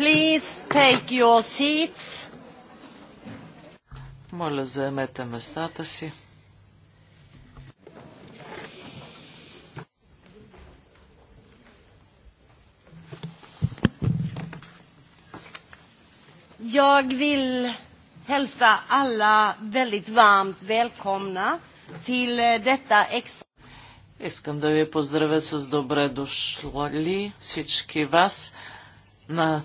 Please take your seats. Моля, заемете местата си. Jag vill hälsa alla väldigt varmt välkomna till detta extra... Искам да ви поздравя с добре дошли всички вас на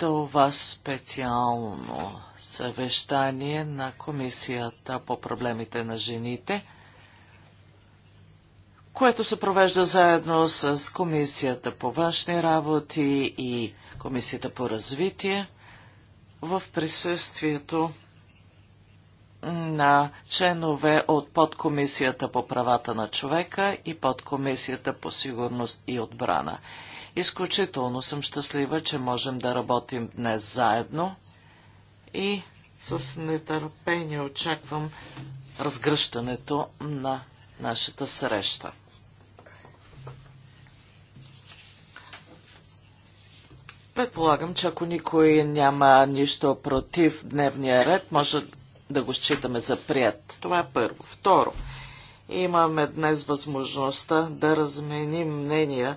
това специално съвещание на Комисията по проблемите на жените, което се провежда заедно с Комисията по външни работи и Комисията по развитие в присъствието на членове от подкомисията по правата на човека и подкомисията по сигурност и отбрана. Изключително съм щастлива, че можем да работим днес заедно и с нетърпение очаквам разгръщането на нашата среща. Предполагам, че ако никой няма нищо против дневния ред, може да го считаме за прият. Това е първо. Второ, Имаме днес възможността да разменим мнения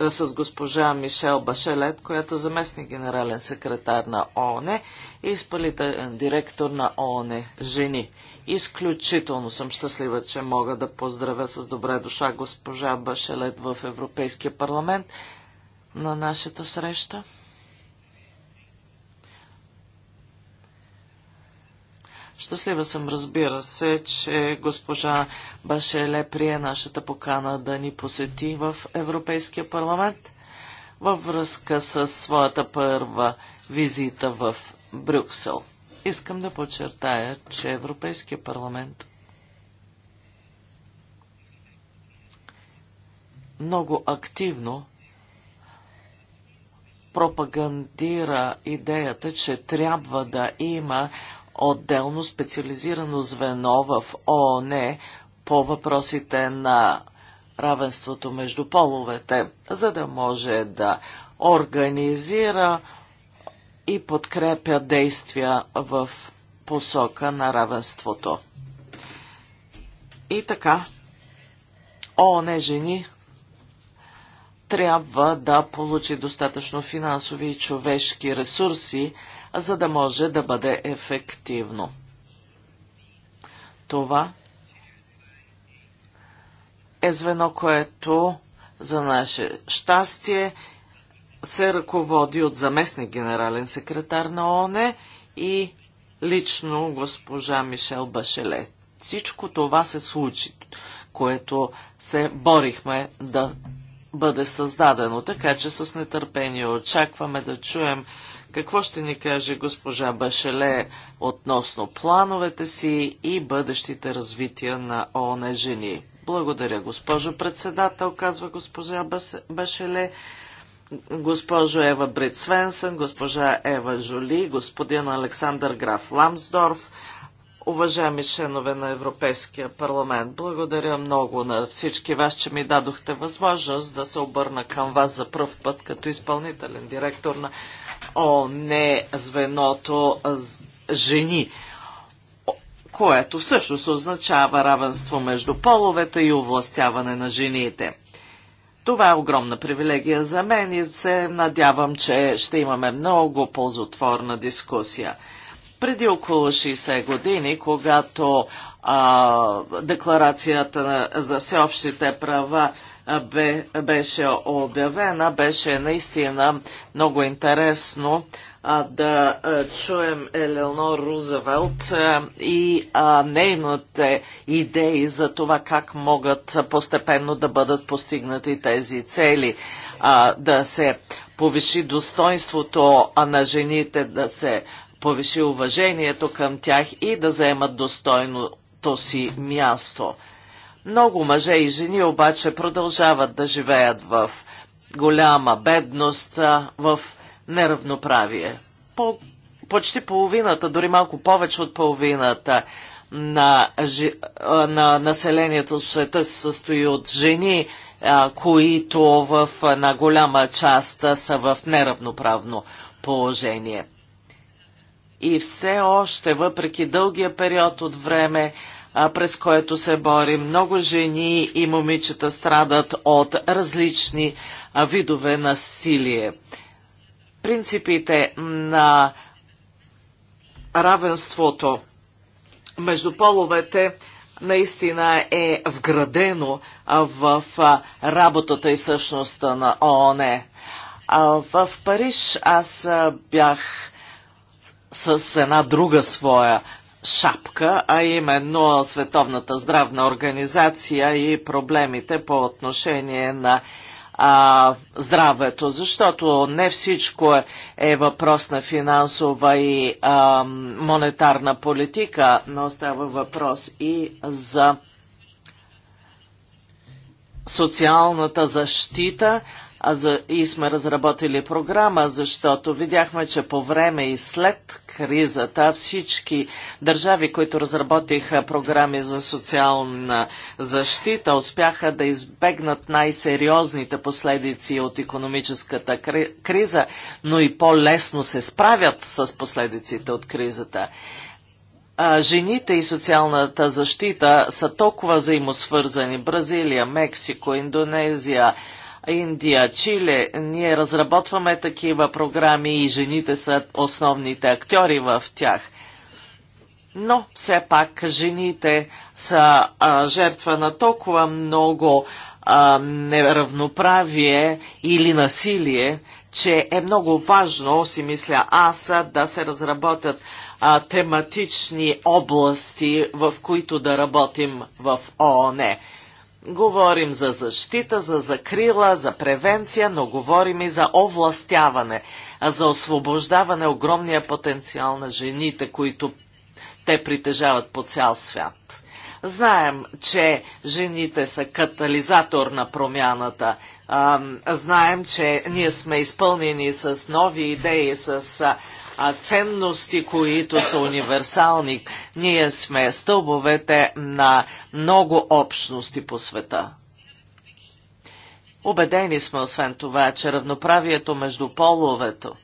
с госпожа Мишел Башелет, която е заместник генерален секретар на ООН и изпълнителен директор на ООН Жени. Изключително съм щастлива, че мога да поздравя с добре душа госпожа Башелет в Европейския парламент на нашата среща. Щастлива съм, разбира се, че госпожа Башеле прие нашата покана да ни посети в Европейския парламент във връзка с своята първа визита в Брюксел. Искам да подчертая, че Европейския парламент много активно пропагандира идеята, че трябва да има отделно специализирано звено в ООН по въпросите на равенството между половете, за да може да организира и подкрепя действия в посока на равенството. И така, ООН жени трябва да получи достатъчно финансови и човешки ресурси, за да може да бъде ефективно. Това е звено, което за наше щастие се ръководи от заместник генерален секретар на ОНЕ и лично госпожа Мишел Башеле. Всичко това се случи, което се борихме да бъде създадено, така че с нетърпение очакваме да чуем какво ще ни каже госпожа Башеле относно плановете си и бъдещите развития на ООН жени? Благодаря, госпожо председател, казва госпожа Башеле. Госпожо Ева Брит Свенсън, госпожа Ева Жоли, господин Александър Граф Ламсдорф, уважаеми членове на Европейския парламент, благодаря много на всички вас, че ми дадохте възможност да се обърна към вас за пръв път като изпълнителен директор на ООН звеното жени което всъщност означава равенство между половете и овластяване на жените. Това е огромна привилегия за мен и се надявам, че ще имаме много ползотворна дискусия. Преди около 60 години, когато а, декларацията за всеобщите права бе, беше обявена, беше наистина много интересно а, да а, чуем Елеонор Рузвелт а, и а, нейните идеи за това как могат постепенно да бъдат постигнати тези цели, а, да се повиши достоинството на жените, да се повиши уважението към тях и да заемат достойното си място. Много мъже и жени обаче продължават да живеят в голяма бедност, в неравноправие. По, почти половината, дори малко повече от половината на, на населението в света се състои от жени, които в, на голяма част са в неравноправно положение. И все още, въпреки дългия период от време, през което се бори. Много жени и момичета страдат от различни видове насилие. Принципите на равенството между половете наистина е вградено в работата и същността на ООН. В Париж аз бях с една друга своя шапка, а именно Световната здравна организация и проблемите по отношение на а, здравето, защото не всичко е, е въпрос на финансова и а, монетарна политика, но става въпрос и за социалната защита, и сме разработили програма, защото видяхме, че по време и след кризата всички държави, които разработиха програми за социална защита, успяха да избегнат най-сериозните последици от економическата криза, но и по-лесно се справят с последиците от кризата жените и социалната защита са толкова взаимосвързани. Бразилия, Мексико, Индонезия, Индия, Чили. Ние разработваме такива програми и жените са основните актьори в тях. Но все пак жените са а, жертва на толкова много а, неравноправие или насилие, че е много важно, си мисля аз, да се разработят а, тематични области, в които да работим в ООН. Говорим за защита, за закрила, за превенция, но говорим и за овластяване, за освобождаване огромния потенциал на жените, които те притежават по цял свят. Знаем, че жените са катализатор на промяната. Знаем, че ние сме изпълнени с нови идеи, с а, ценности, които са универсални. Ние сме стълбовете на много общности по света. Обедени сме освен това, че равноправието между половето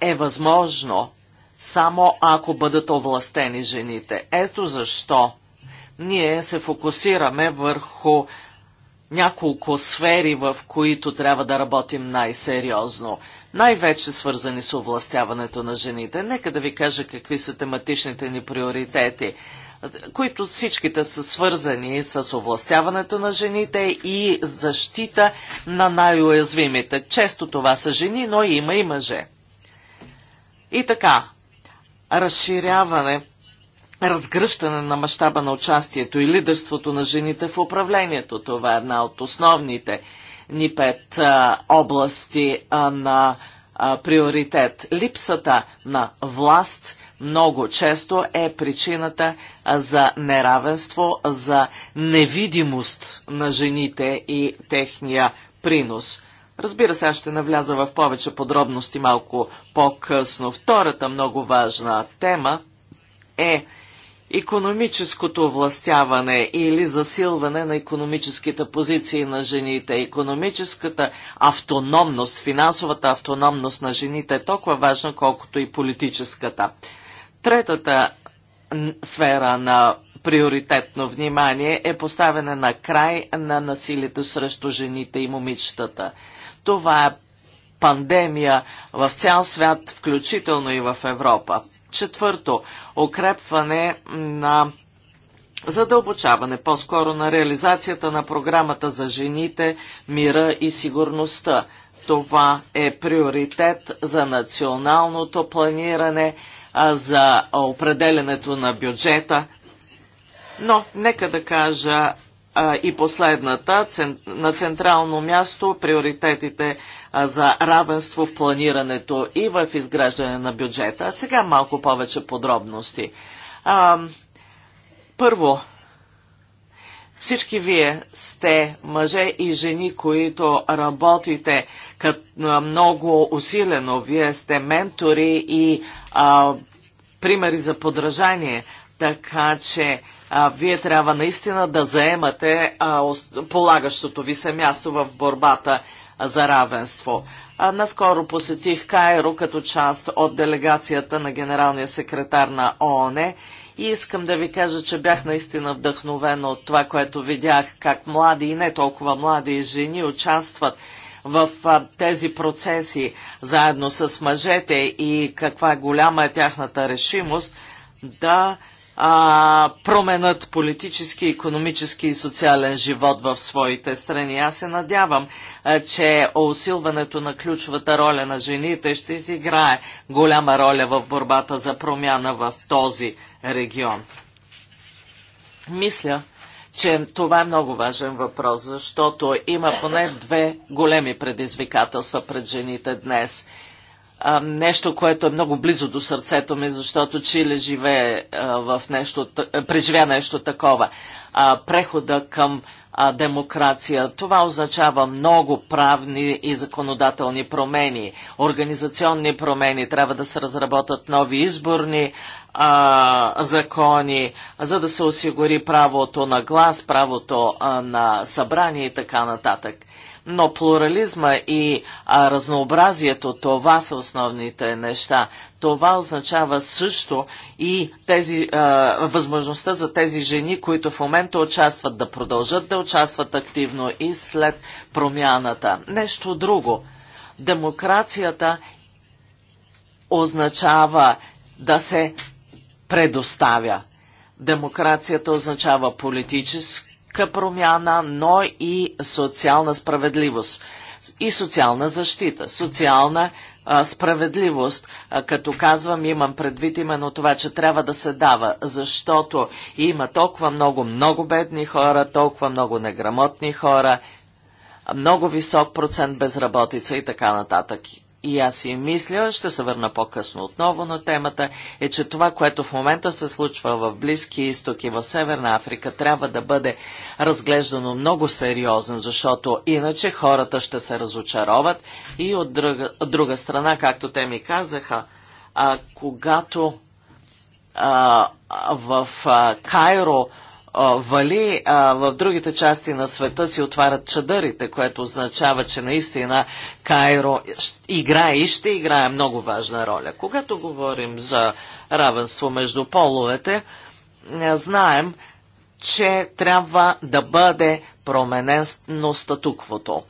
е възможно само ако бъдат овластени жените. Ето защо ние се фокусираме върху няколко сфери, в които трябва да работим най-сериозно най-вече свързани с овластяването на жените. Нека да ви кажа какви са тематичните ни приоритети които всичките са свързани с овластяването на жените и защита на най-уязвимите. Често това са жени, но има и мъже. И така, разширяване, разгръщане на мащаба на участието и лидерството на жените в управлението. Това е една от основните ни пет а, области а, на а, приоритет. Липсата на власт много често е причината за неравенство, за невидимост на жените и техния принос. Разбира се, аз ще навляза в повече подробности малко по-късно. Втората много важна тема е економическото властяване или засилване на економическите позиции на жените, економическата автономност, финансовата автономност на жените е толкова важна, колкото и политическата. Третата сфера на приоритетно внимание е поставяне на край на насилието срещу жените и момичетата. Това е пандемия в цял свят, включително и в Европа. Четвърто, укрепване на задълбочаване по-скоро на реализацията на програмата за жените, мира и сигурността. Това е приоритет за националното планиране, за определенето на бюджета. Но нека да кажа и последната, на централно място, приоритетите за равенство в планирането и в изграждане на бюджета. А сега малко повече подробности. А, първо, всички вие сте мъже и жени, които работите като много усилено. Вие сте ментори и а, примери за подражание. Така че а, вие трябва наистина да заемате а, полагащото ви се място в борбата за равенство. А, наскоро посетих Кайро като част от делегацията на генералния секретар на ООН и искам да ви кажа, че бях наистина вдъхновен от това, което видях, как млади и не толкова млади жени участват в тези процеси заедно с мъжете и каква голяма е тяхната решимост да а, променят политически, економически и социален живот в своите страни. Аз се надявам, а, че усилването на ключовата роля на жените ще изиграе голяма роля в борбата за промяна в този регион. Мисля, че това е много важен въпрос, защото има поне две големи предизвикателства пред жените днес – а, нещо, което е много близо до сърцето ми, защото Чили живее а, в нещо, преживя нещо такова. А, прехода към а, демокрация. Това означава много правни и законодателни промени, организационни промени. Трябва да се разработят нови изборни а, закони, за да се осигури правото на глас, правото а, на събрание и така нататък но плурализма и а, разнообразието, това са основните неща. Това означава също и тези, а, възможността за тези жени, които в момента участват, да продължат да участват активно и след промяната. Нещо друго. Демокрацията означава да се предоставя. Демокрацията означава политически климатична промяна, но и социална справедливост и социална защита, социална а, справедливост. А, като казвам, имам предвид именно това, че трябва да се дава, защото има толкова много, много бедни хора, толкова много неграмотни хора, много висок процент безработица и така нататък и аз си мисля, ще се върна по-късно отново на темата, е, че това, което в момента се случва в Близки изток и в Северна Африка, трябва да бъде разглеждано много сериозно, защото иначе хората ще се разочароват и от друга, от друга страна, както те ми казаха, а, когато а, в а, Кайро вали, а в другите части на света си отварят чадърите, което означава, че наистина Кайро играе и ще играе много важна роля. Когато говорим за равенство между половете, знаем, че трябва да бъде променено статуквото.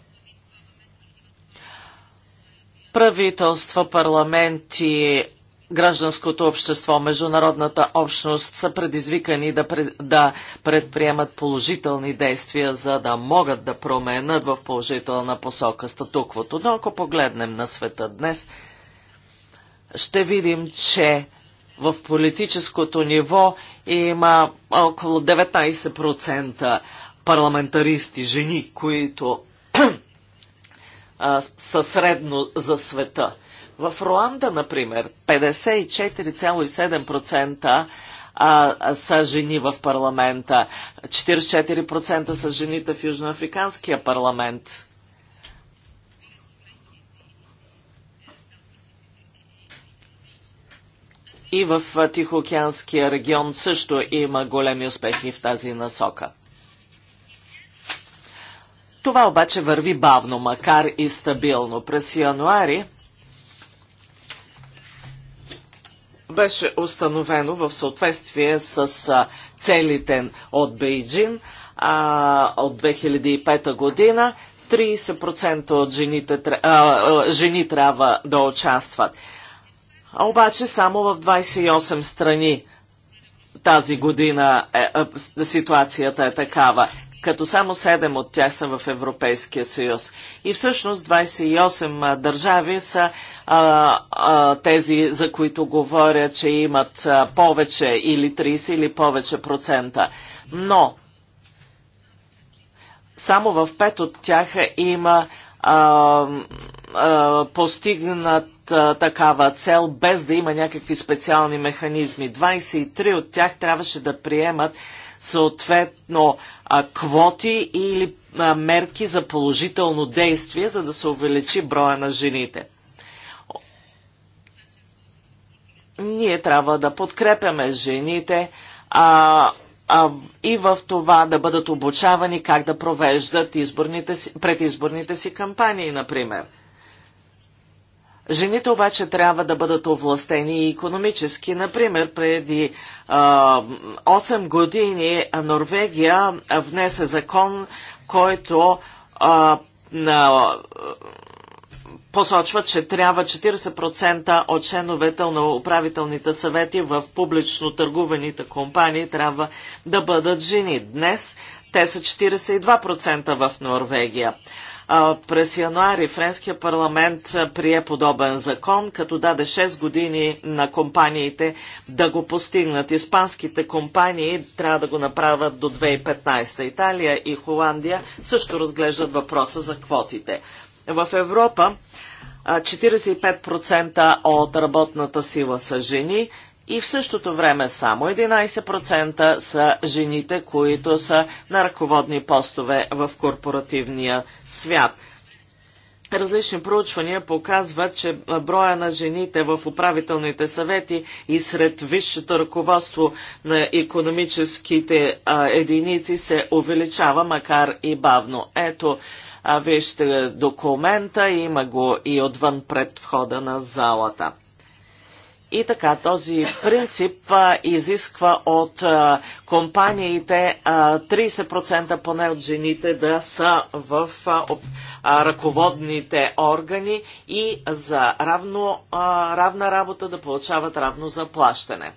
Правителства, парламенти, гражданското общество, международната общност са предизвикани да, да предприемат положителни действия, за да могат да променят в положителна посока статуквото. Но ако погледнем на света днес, ще видим, че в политическото ниво има около 19% парламентаристи, жени, които са средно за света. В Руанда, например, 54,7% са жени в парламента, 44% са жените в Южноафриканския парламент. И в Тихоокеанския регион също има големи успехи в тази насока. Това обаче върви бавно, макар и стабилно. През януари беше установено в съответствие с целите от Бейджин а, от 2005 година 30% от жените, а, жени трябва да участват. А обаче само в 28 страни тази година е, е, ситуацията е такава като само 7 от тях са в Европейския съюз. И всъщност 28 държави са а, а, тези, за които говоря, че имат повече или 30 или повече процента. Но само в 5 от тях има а, а, постигнат такава цел, без да има някакви специални механизми. 23 от тях трябваше да приемат съответно квоти или мерки за положително действие, за да се увеличи броя на жените. Ние трябва да подкрепяме жените а, а, и в това да бъдат обучавани как да провеждат изборните си, предизборните си кампании, например. Жените обаче трябва да бъдат овластени и економически. Например, преди а, 8 години Норвегия внесе закон, който а, на, посочва, че трябва 40% от членовете на управителните съвети в публично търгуваните компании трябва да бъдат жени. Днес те са 42% в Норвегия. През януари Френския парламент прие подобен закон, като даде 6 години на компаниите да го постигнат. Испанските компании трябва да го направят до 2015. Италия и Холандия също разглеждат въпроса за квотите. В Европа 45% от работната сила са жени, и в същото време само 11% са жените, които са на ръководни постове в корпоративния свят. Различни проучвания показват, че броя на жените в управителните съвети и сред висшето ръководство на економическите а, единици се увеличава, макар и бавно. Ето, а, вижте документа, има го и отвън пред входа на залата. И така, този принцип а, изисква от а, компаниите а, 30% поне от жените да са в а, об, а, ръководните органи и за равно, а, равна работа да получават равно заплащане.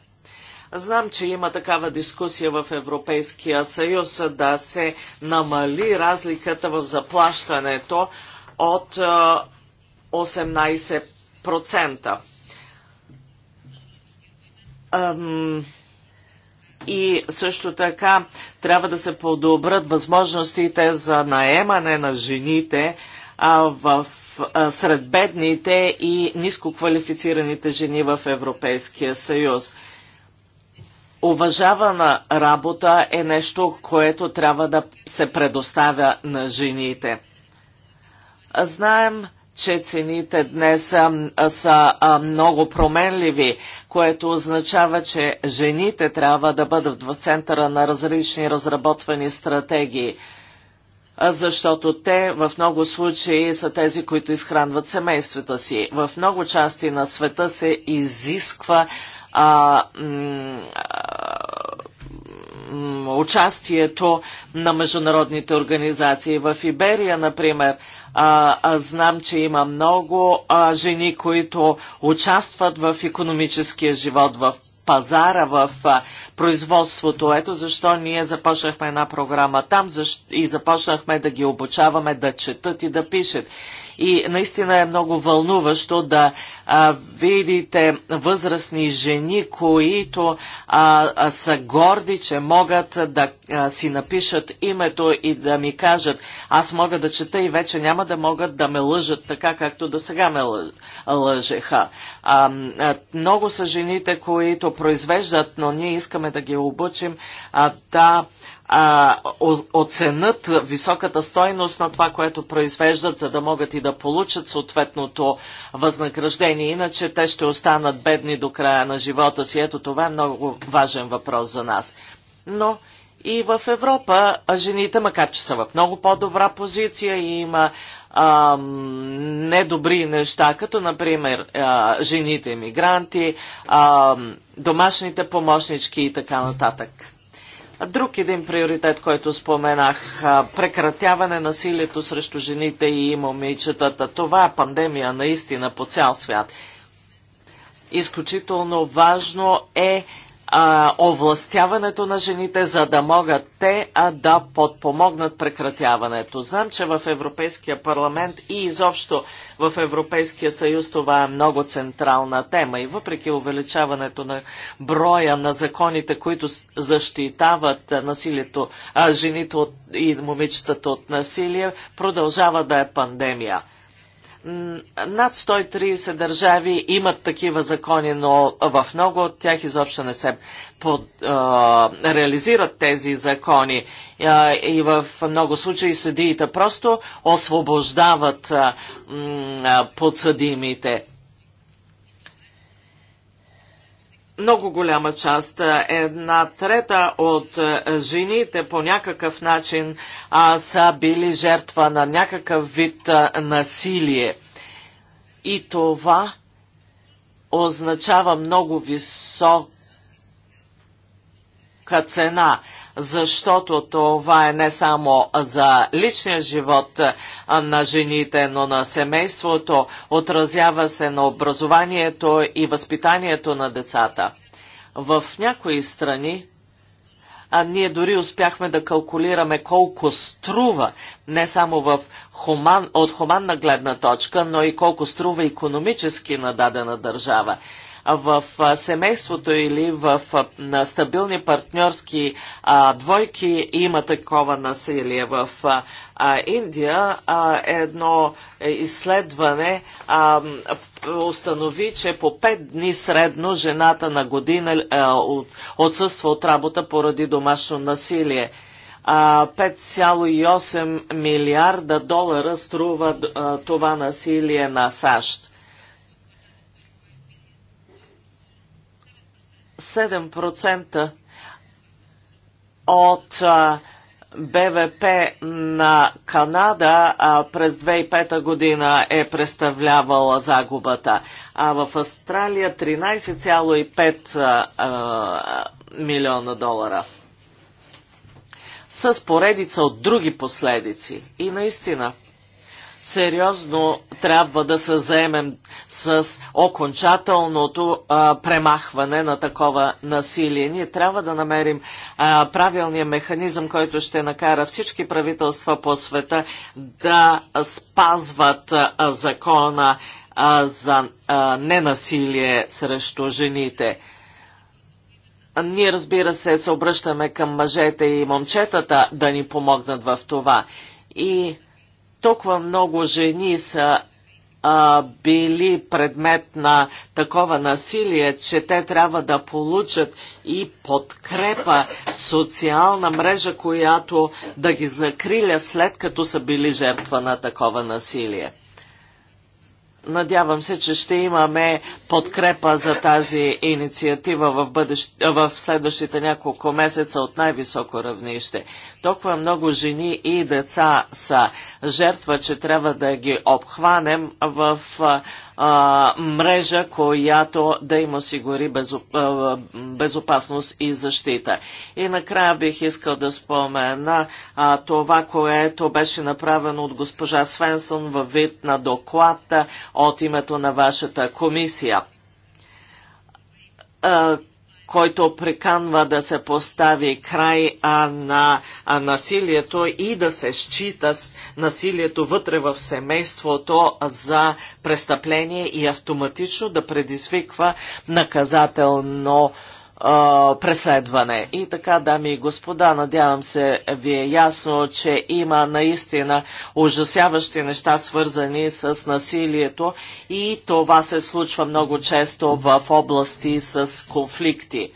Знам, че има такава дискусия в Европейския съюз да се намали разликата в заплащането от а, 18% и също така трябва да се подобрат възможностите за наемане на жените а, в а, сред бедните и нискоквалифицираните жени в Европейския съюз. Уважавана работа е нещо, което трябва да се предоставя на жените. Знаем, че цените днес са, а, много променливи, което означава, че жените трябва да бъдат в центъра на различни разработвани стратегии, защото те в много случаи са тези, които изхранват семействата си. В много части на света се изисква а, участието на международните организации. В Иберия, например, а, а знам, че има много а, жени, които участват в економическия живот, в пазара, в а, производството. Ето защо ние започнахме една програма там защ... и започнахме да ги обучаваме да четат и да пишат. И наистина е много вълнуващо да а, видите възрастни жени, които а, а, са горди, че могат да а, си напишат името и да ми кажат, аз мога да чета и вече няма да могат да ме лъжат така, както до сега ме лъжеха. А, много са жените, които произвеждат, но ние искаме да ги обучим а, да а, оценят високата стойност на това, което произвеждат, за да могат и да получат съответното възнаграждение. Иначе те ще останат бедни до края на живота си. Ето това е много важен въпрос за нас. Но и в Европа жените, макар че са в много по-добра позиция и има а, недобри неща, като например а, жените мигранти, домашните помощнички и така нататък. Друг един приоритет, който споменах – прекратяване насилието срещу жените и момичетата. Това е пандемия наистина по цял свят. Изключително важно е а, овластяването на жените, за да могат те а, да подпомогнат прекратяването. Знам, че в Европейския парламент и изобщо в Европейския съюз това е много централна тема и въпреки увеличаването на броя на законите, които защитават насилието, а, жените от, и момичетата от насилие, продължава да е пандемия. Над 130 държави имат такива закони, но в много от тях изобщо не се под, а, реализират тези закони. А, и в много случаи съдиите просто освобождават а, а, подсъдимите. много голяма част, е, една трета от е, жените по някакъв начин а, са били жертва на някакъв вид а, е, насилие. И това означава много висока цена защото това е не само за личния живот на жените, но на семейството, отразява се на образованието и възпитанието на децата. В някои страни а ние дори успяхме да калкулираме колко струва, не само в хуман, от хуманна гледна точка, но и колко струва економически на дадена държава в семейството или в стабилни партньорски двойки има такова насилие. В Индия едно е, изследване установи, че по 5 дни средно жената на година е, отсъства от работа поради домашно насилие. 5,8 милиарда долара струва това насилие на САЩ. 7% от БВП на Канада през 2005 година е представлявала загубата, а в Австралия 13,5 милиона долара. С поредица от други последици. И наистина – сериозно трябва да се заемем с окончателното а, премахване на такова насилие. Ние трябва да намерим а, правилния механизъм, който ще накара всички правителства по света да спазват а, закона а, за а, ненасилие срещу жените. Ние, разбира се, се обръщаме към мъжете и момчетата да ни помогнат в това. И толкова много жени са а, били предмет на такова насилие, че те трябва да получат и подкрепа, социална мрежа, която да ги закриля след като са били жертва на такова насилие. Надявам се, че ще имаме подкрепа за тази инициатива в, бъдещ... в следващите няколко месеца от най-високо равнище. Толкова много жени и деца са жертва, че трябва да ги обхванем в а, мрежа, която да им осигури безо, а, безопасност и защита. И накрая бих искал да спомена а, това, което беше направено от госпожа Свенсон във вид на доклада от името на вашата комисия който приканва да се постави край а, на а, насилието и да се счита с насилието вътре в семейството за престъпление и автоматично да предизвиква наказателно а, преследване. И така, дами и господа, надявам се ви е ясно, че има наистина ужасяващи неща, свързани с насилието и това се случва много често в области с конфликти.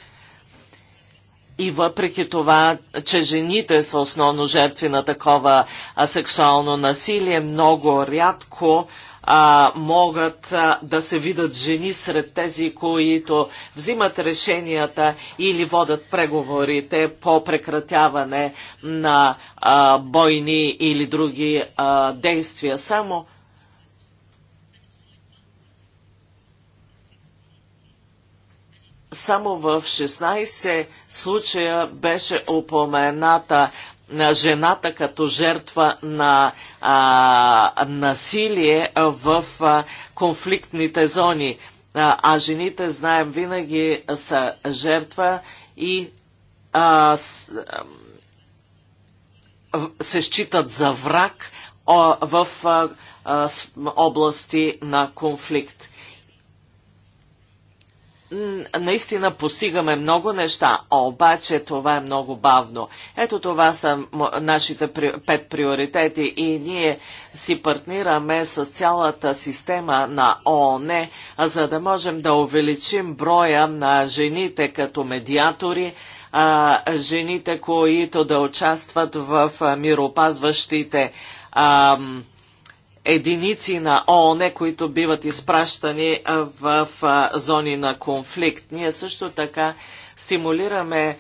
И въпреки това, че жените са основно жертви на такова сексуално насилие, много рядко а, могат а, да се видят жени сред тези, които взимат решенията или водат преговорите по прекратяване на а, бойни или други а, действия. Само Само в 16 случая беше упомената на жената като жертва на а, насилие в а, конфликтните зони. А, а жените, знаем, винаги са жертва и а, с, а, се считат за враг о, в а, а, области на конфликт наистина постигаме много неща, обаче това е много бавно. Ето това са нашите пет приоритети и ние си партнираме с цялата система на ООН, за да можем да увеличим броя на жените като медиатори, а, жените, които да участват в миропазващите единици на ООН, които биват изпращани в зони на конфликт. Ние също така стимулираме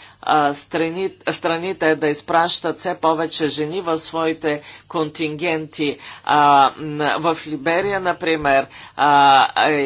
страните да изпращат все повече жени в своите контингенти. в Либерия, например,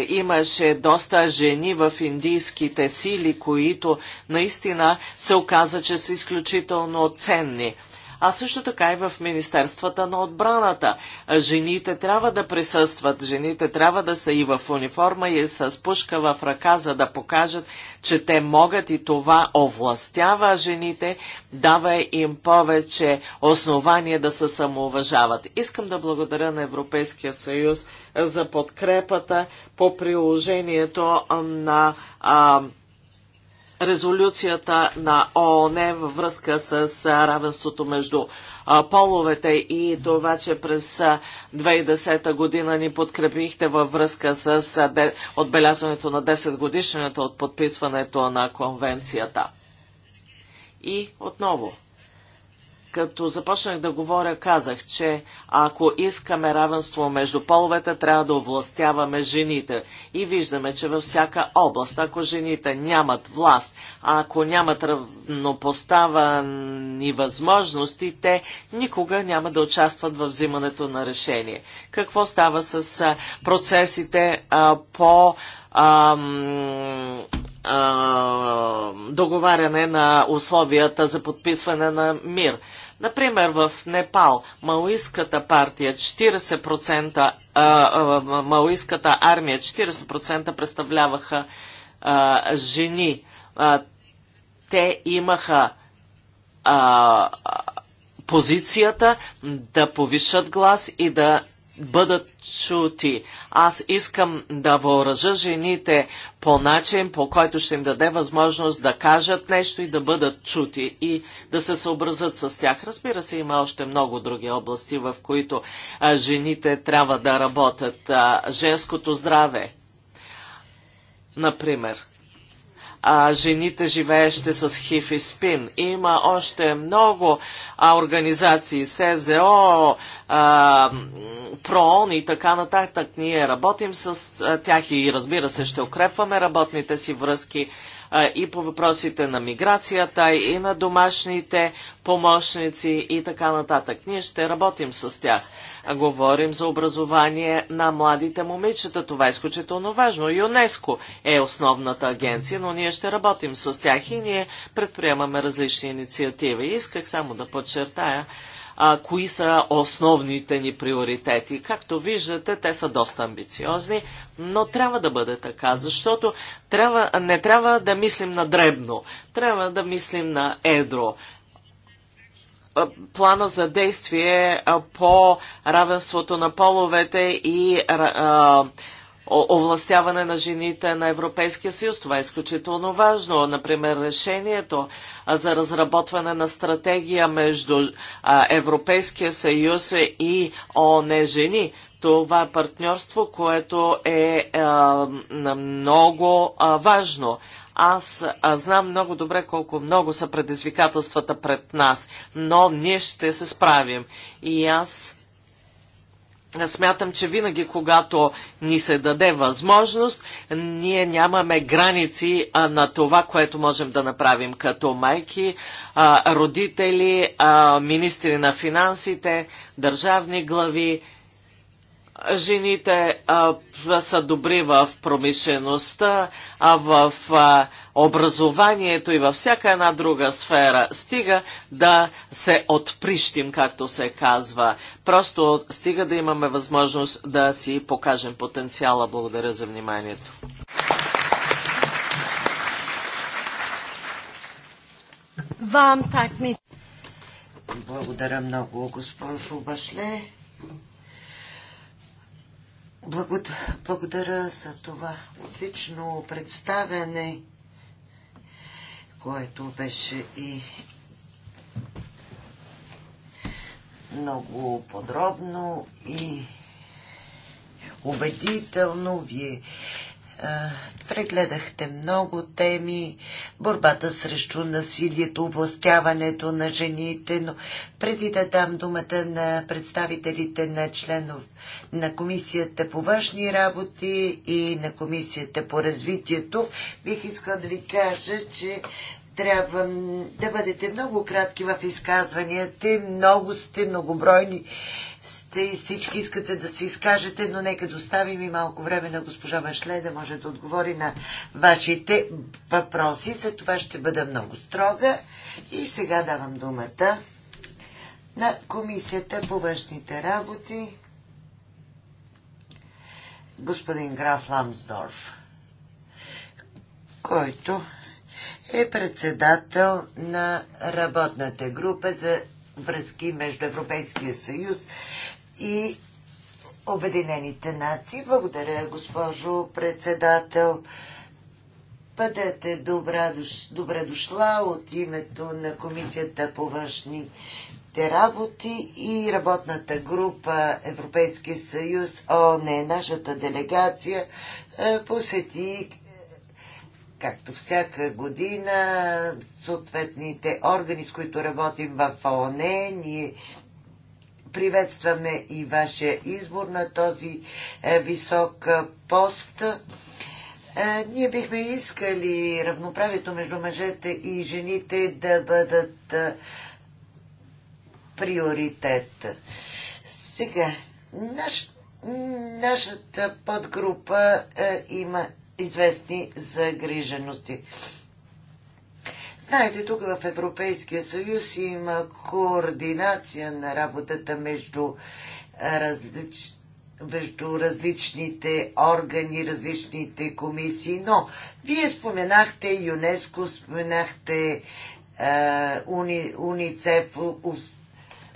имаше доста жени в индийските сили, които наистина се оказа, че са изключително ценни а също така и в Министерствата на отбраната. Жените трябва да присъстват, жените трябва да са и в униформа и с пушка в ръка, за да покажат, че те могат и това овластява жените, дава им повече основания да се самоуважават. Искам да благодаря на Европейския съюз за подкрепата по приложението на а, резолюцията на ООН във връзка с равенството между половете и това, че през 2010 година ни подкрепихте във връзка с отбелязването на 10 годишната от подписването на конвенцията. И отново, като започнах да говоря, казах, че ако искаме равенство между половете, трябва да овластяваме жените. И виждаме, че във всяка област, ако жените нямат власт, ако нямат равнопоставани възможности, те никога няма да участват в взимането на решение. Какво става с процесите по договаряне на условията за подписване на мир. Например, в Непал маоистката партия 40%, а, а, маоистката армия 40% представляваха а, жени. А, те имаха а, позицията да повишат глас и да бъдат чути. Аз искам да въоръжа жените по начин, по който ще им даде възможност да кажат нещо и да бъдат чути и да се съобразят с тях. Разбира се, има още много други области, в които а, жените трябва да работят. А, женското здраве, например а, жените, живеещи с ХИФ и СПИН. Има още много а, организации, СЗО, а, ПРООН и така нататък. Ние работим с а, тях и разбира се ще укрепваме работните си връзки и по въпросите на миграцията, и на домашните помощници и така нататък. Ние ще работим с тях. Говорим за образование на младите момичета. Това е изключително важно. ЮНЕСКО е основната агенция, но ние ще работим с тях и ние предприемаме различни инициативи. Исках само да подчертая, а, кои са основните ни приоритети. Както виждате, те са доста амбициозни, но трябва да бъде така, защото трябва, не трябва да мислим на дребно, трябва да мислим на едро плана за действие по равенството на половете и овластяване на жените на Европейския съюз. Това е изключително важно. Например, решението за разработване на стратегия между Европейския съюз и ООН жени. Това е партньорство, което е много важно. Аз а, знам много добре колко много са предизвикателствата пред нас, но ние ще се справим. И аз Смятам, че винаги, когато ни се даде възможност, ние нямаме граници на това, което можем да направим като майки, родители, министри на финансите, държавни глави, жените а, са добри в промишлеността, а в а, образованието и във всяка една друга сфера. Стига да се отприщим, както се казва. Просто стига да имаме възможност да си покажем потенциала. Благодаря за вниманието. Вам так ми. Благодаря много, госпожо Башле. Благодаря за това отлично представяне, което беше и много подробно и убедително. Вие прегледахте много теми, борбата срещу насилието, властяването на жените, но преди да дам думата на представителите на членов на Комисията по външни работи и на Комисията по развитието, бих искала да ви кажа, че трябва да бъдете много кратки в изказванията, много сте многобройни сте, всички искате да се изкажете, но нека доставим и малко време на госпожа Машле да може да отговори на вашите въпроси. За това ще бъда много строга. И сега давам думата на Комисията по външните работи. Господин граф Ламсдорф, който е председател на работната група за връзки между Европейския съюз и Обединените нации. Благодаря, госпожо председател. Бъдете добра, добре дошла от името на Комисията по външните работи и работната група Европейски съюз ОНЕ Нашата делегация е, посети както всяка година, съответните органи, с които работим в ООН, ние приветстваме и вашия избор на този е, висок е, пост. Е, ние бихме искали равноправието между мъжете и жените да бъдат приоритет. Сега, наш, нашата подгрупа има известни загрижености. Знаете, тук в Европейския съюз има координация на работата между, различ... между различните органи, различните комисии, но вие споменахте ЮНЕСКО, споменахте Уни... УНИЦЕФ,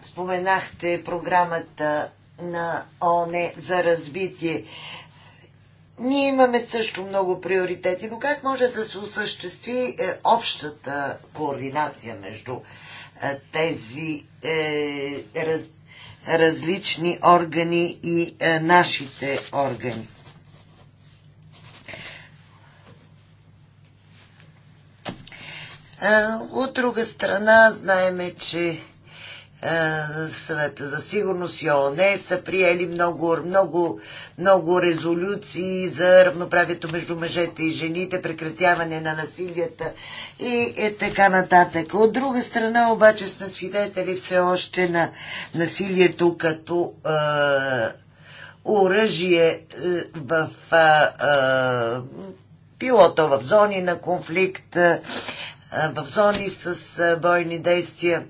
споменахте програмата на ОНЕ за развитие. Ние имаме също много приоритети, но как може да се осъществи е, общата координация между е, тези е, раз, различни органи и нашите органи? От друга страна, знаеме, че е, съвета за сигурност и ООН са приели много, много, много резолюции за равноправието между мъжете и жените, прекратяване на насилията и е така нататък. От друга страна обаче сме свидетели все още на насилието като е, оръжие е, в е, е, в зони на конфликт, е, е в зони с е, бойни действия.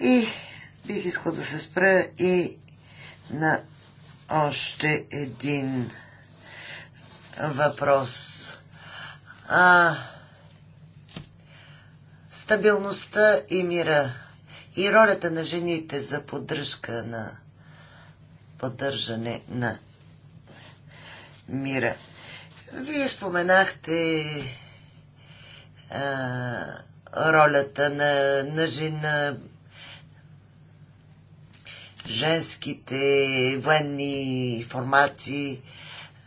И бих искал да се спра и на още един въпрос. А, стабилността и мира и ролята на жените за поддръжка на поддържане на мира. Вие споменахте а, ролята на, на жена женските военни формации.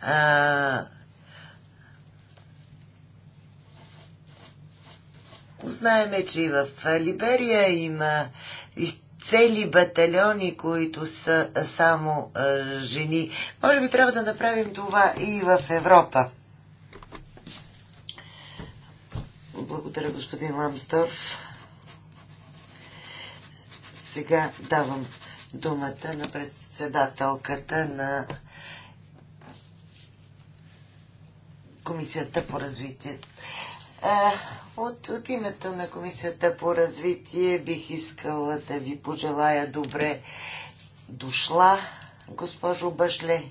А, знаеме, че и в Либерия има цели батальони, които са само а, жени. Може би трябва да направим това и в Европа. Благодаря, господин Ламсторф. Сега давам думата на председателката на Комисията по развитие. Е, от, от името на Комисията по развитие бих искала да ви пожелая добре дошла, госпожо Башле.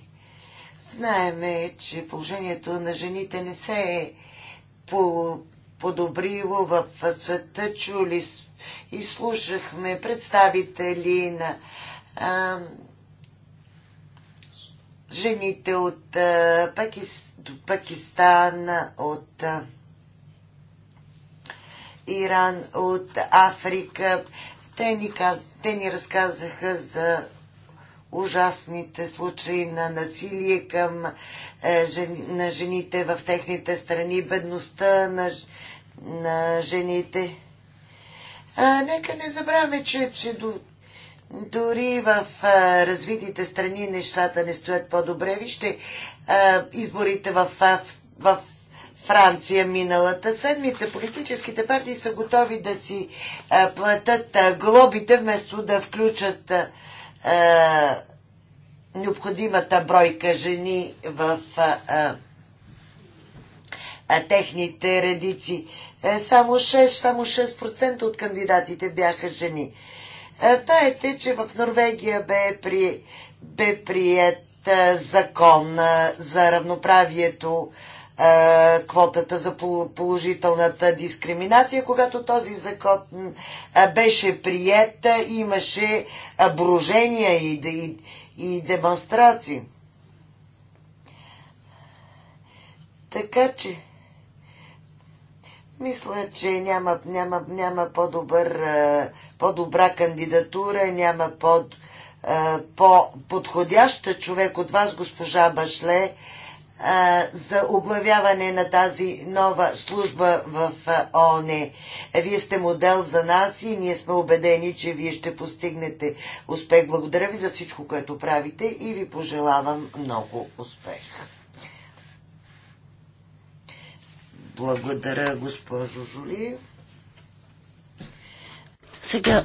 Знаеме, че положението на жените не се е подобрило в света. Чули и слушахме представители на а, жените от а, Пакистан, от а, Иран, от Африка. Те ни, каз... Те ни разказаха за ужасните случаи на насилие към е, жен... на жените в техните страни, бедността на, на жените. А, нека не забравяме, че, че до дори в а, развитите страни нещата не стоят по-добре. Вижте а, изборите в, в, в Франция миналата седмица. Политическите партии са готови да си а, платят а, глобите, вместо да включат а, а, необходимата бройка жени в а, а, а, техните редици. Е, само 6%, само 6% от кандидатите бяха жени. А, е, знаете, че в Норвегия бе, при, бе прият е, закон е, за равноправието квотата за положителната дискриминация. Когато този закон беше прият, имаше брожения и, и, и демонстрации. Така че мисля, че няма, няма, няма по-добър, е, по-добра кандидатура, няма под, е, по-подходяща човек от вас, госпожа Башле, е, за оглавяване на тази нова служба в ООН. Вие сте модел за нас и ние сме убедени, че вие ще постигнете успех. Благодаря ви за всичко, което правите и ви пожелавам много успех. Благодаря, госпожо Жули. Сега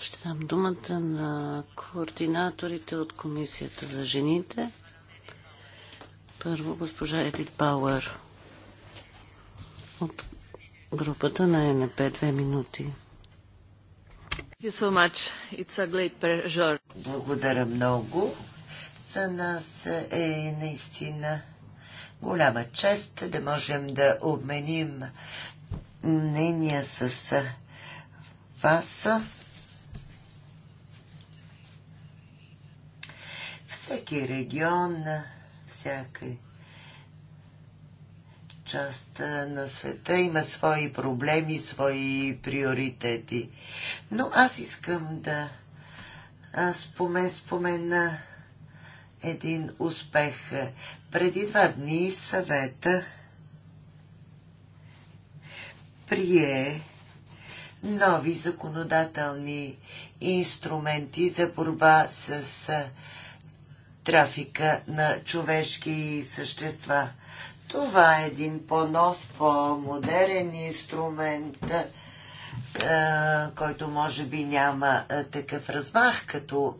ще дам думата на координаторите от Комисията за жените. Първо госпожа Едит Пауър от групата на НП. Две минути. So Благодаря много. За нас е наистина голяма чест да можем да обменим мнения с вас. Всеки регион, всяка част на света има свои проблеми, свои приоритети. Но аз искам да спомен, спомена един успех. Преди два дни съвета прие нови законодателни инструменти за борба с трафика на човешки същества. Това е един по-нов, по-модерен инструмент, който може би няма такъв размах като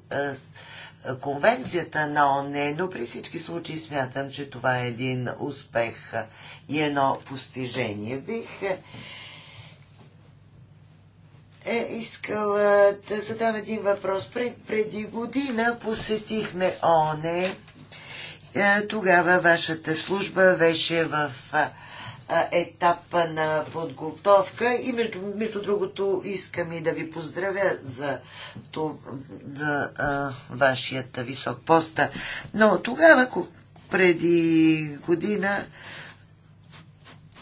конвенцията на ОНЕ, но при всички случаи смятам, че това е един успех и едно постижение. Бих е, е искала е, да задам един въпрос. Пред, преди година посетихме ОНЕ. Тогава вашата служба беше в е, етап на подготовка и между, между другото искам и да ви поздравя за, за а, вашият висок поста. Но тогава, преди година,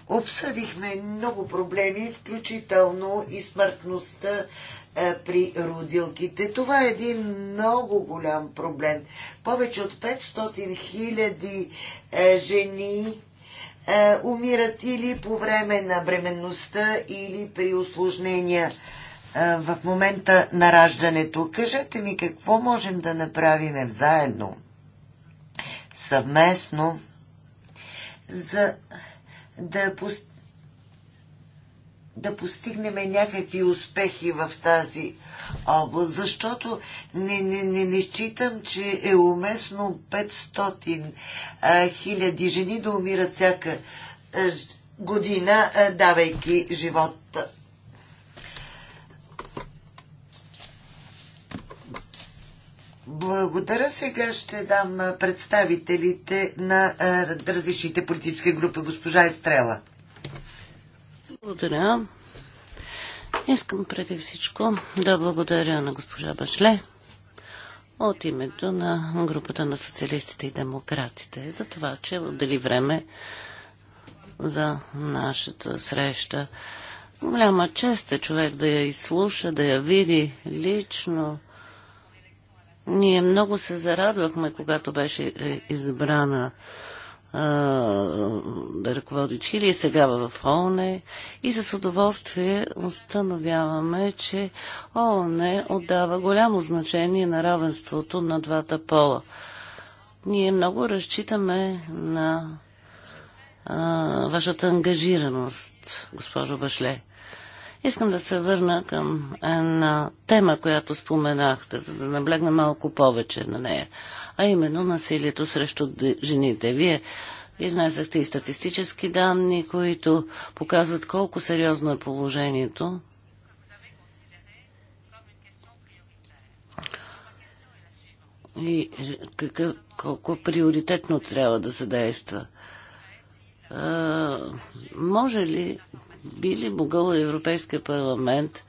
обсъдихме много проблеми, включително и смъртността при родилките. Това е един много голям проблем. Повече от 500 хиляди е, жени е, умират или по време на бременността, или при осложнения е, в момента на раждането. Кажете ми какво можем да направим заедно, съвместно, за да постигнем да постигнем някакви успехи в тази област, защото не, не, не, не считам, че е уместно 500 хиляди жени да умират всяка година, давайки живот. Благодаря. Сега ще дам представителите на различните политически групи. Госпожа Естрела. Благодаря. Искам преди всичко да благодаря на госпожа Башле от името на групата на социалистите и демократите за това, че отдели време за нашата среща. Голяма чест е човек да я изслуша, да я види лично. Ние много се зарадвахме, когато беше е, избрана да ръководи Чили, сега в ООН е. и с удоволствие установяваме, че ООН е отдава голямо значение на равенството на двата пола. Ние много разчитаме на а, вашата ангажираност, госпожо Башле. Искам да се върна към една тема, която споменахте, за да наблегна малко повече на нея, а именно насилието срещу жените. Вие изнесахте и статистически данни, които показват колко сериозно е положението. И какъв, колко приоритетно трябва да се действа. А, може ли би ли могъл Европейския парламент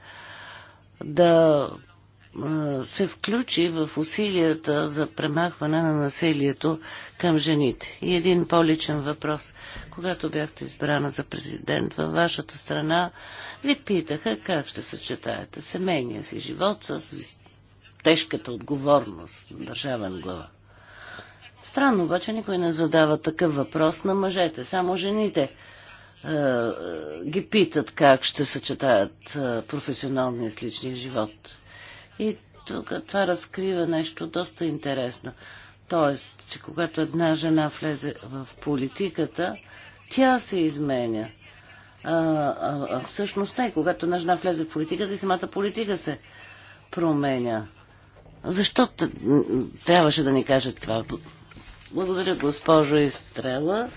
да се включи в усилията за премахване на насилието към жените. И един по-личен въпрос. Когато бяхте избрана за президент във вашата страна, ви питаха как ще съчетаете семейния си живот с тежката отговорност на държавен глава. Странно обаче никой не задава такъв въпрос на мъжете, само жените е, е, ги питат как ще съчетаят е, професионалния с личния живот. И тук това разкрива нещо доста интересно. Тоест, че когато една жена влезе в политиката, тя се изменя. А, а, а всъщност не, когато една жена влезе в политиката и самата политика се променя. Защо трябваше да ни кажат това? Благодаря, госпожо Истрела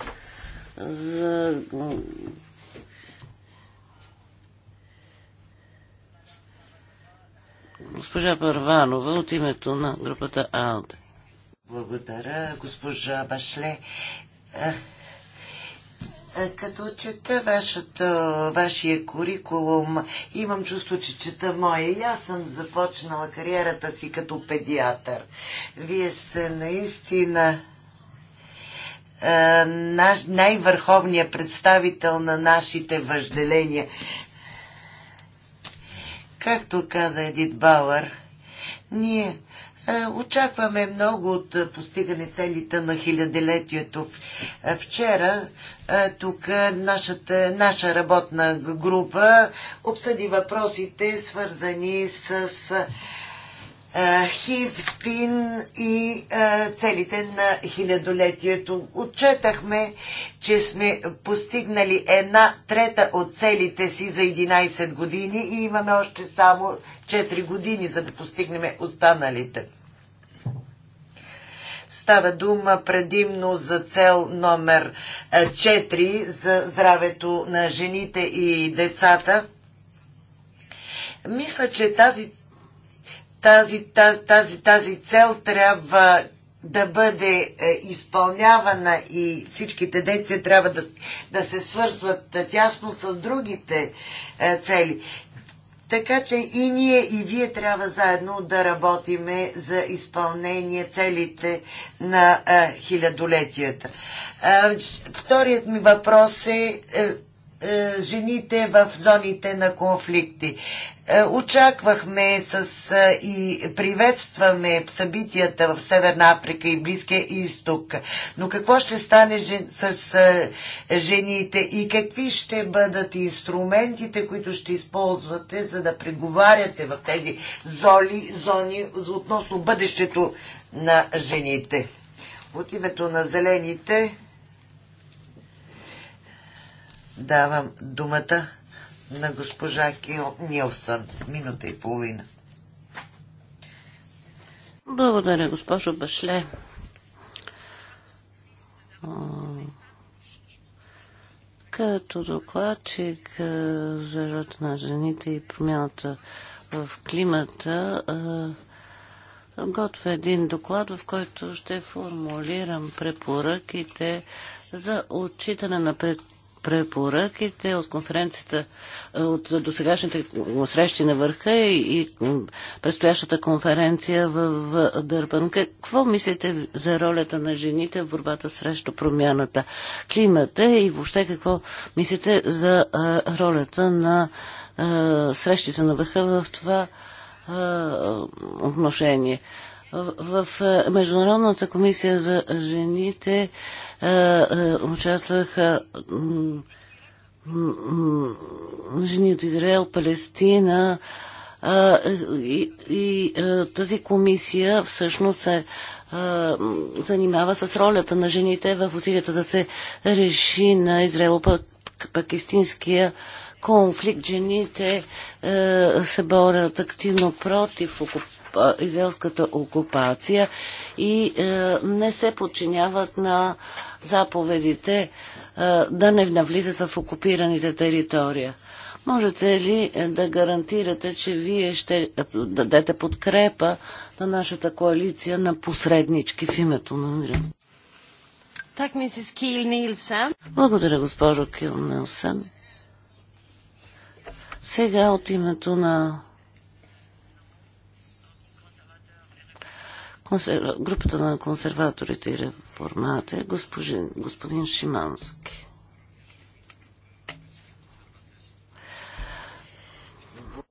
за госпожа Парванова от името на групата АЛДЕ. Благодаря, госпожа Башле. Е, е, като чета вашата, вашия курикулум, имам чувство, че чета моя. И аз съм започнала кариерата си като педиатър. Вие сте наистина е, наш, най-върховният представител на нашите въжделения. Както каза Едит Бауър, ние е, Очакваме много от е, постигане целите на хилядилетието. Вчера тук нашата, наша работна група обсъди въпросите, свързани с хив, спин и целите на хилядолетието. Отчетахме, че сме постигнали една трета от целите си за 11 години и имаме още само 4 години, за да постигнем останалите. Става дума предимно за цел номер 4 за здравето на жените и децата. Мисля, че тази тази, тази, тази, цел трябва да бъде е, изпълнявана и всичките действия трябва да, да се свързват е, тясно с другите е, цели. Така че и ние, и вие трябва заедно да работиме за изпълнение целите на а, хилядолетията. А, вторият ми въпрос е е, жените в зоните на конфликти. Е, очаквахме с е, и приветстваме събитията в Северна Африка и Близкия изток. Но какво ще стане с жените и какви ще бъдат инструментите, които ще използвате, за да преговаряте в тези золи, зони относно бъдещето на жените? От името на зелените Давам думата на госпожа Кил Нилсън. Минута и половина. Благодаря, госпожо Башле. Като докладчик за живота на жените и промяната в климата, готвя един доклад, в който ще формулирам препоръките за отчитане на пред препоръките от конференцията, е, от досегашните срещи на върха и, и предстоящата конференция в, в Дърбан. Какво мислите за ролята на жените в борбата срещу промяната климата и въобще какво мислите за а, е, ролята на а, е, срещите на върха в това а, отношение? В е, Международната комисия за жените е, е, участваха жени от Израел, Палестина, и, тази комисия всъщност се занимава с ролята на жените в усилията да се реши на израел пакистинския конфликт. Жените се борят активно против окупацията израелската окупация и е, не се подчиняват на заповедите е, да не навлизат в окупираните територия. Можете ли е, да гарантирате, че вие ще е, дадете подкрепа на нашата коалиция на посреднички в името на мира? Так, мисис Кил Нилсен. Благодаря, госпожо Кил Нилсен. Сега от името на консер... групата на консерваторите и реформата е госпожин... господин Шимански.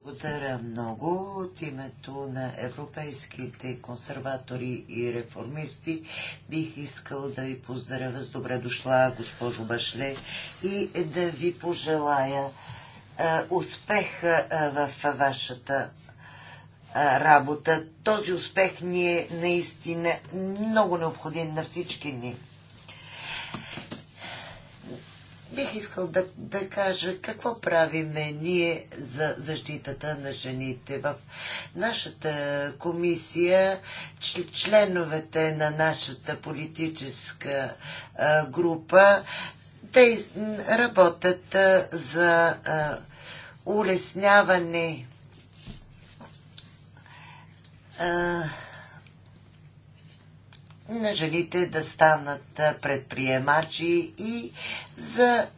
Благодаря много от името на европейските консерватори и реформисти. Бих искал да ви поздравя с добре дошла, госпожо Башле, и да ви пожелая успех в вашата работа. Този успех ни е наистина много необходим на всички ни. Бих искал да, да кажа какво правиме ние за защитата на жените. В нашата комисия членовете на нашата политическа група те работят за улесняване на жените да станат предприемачи и за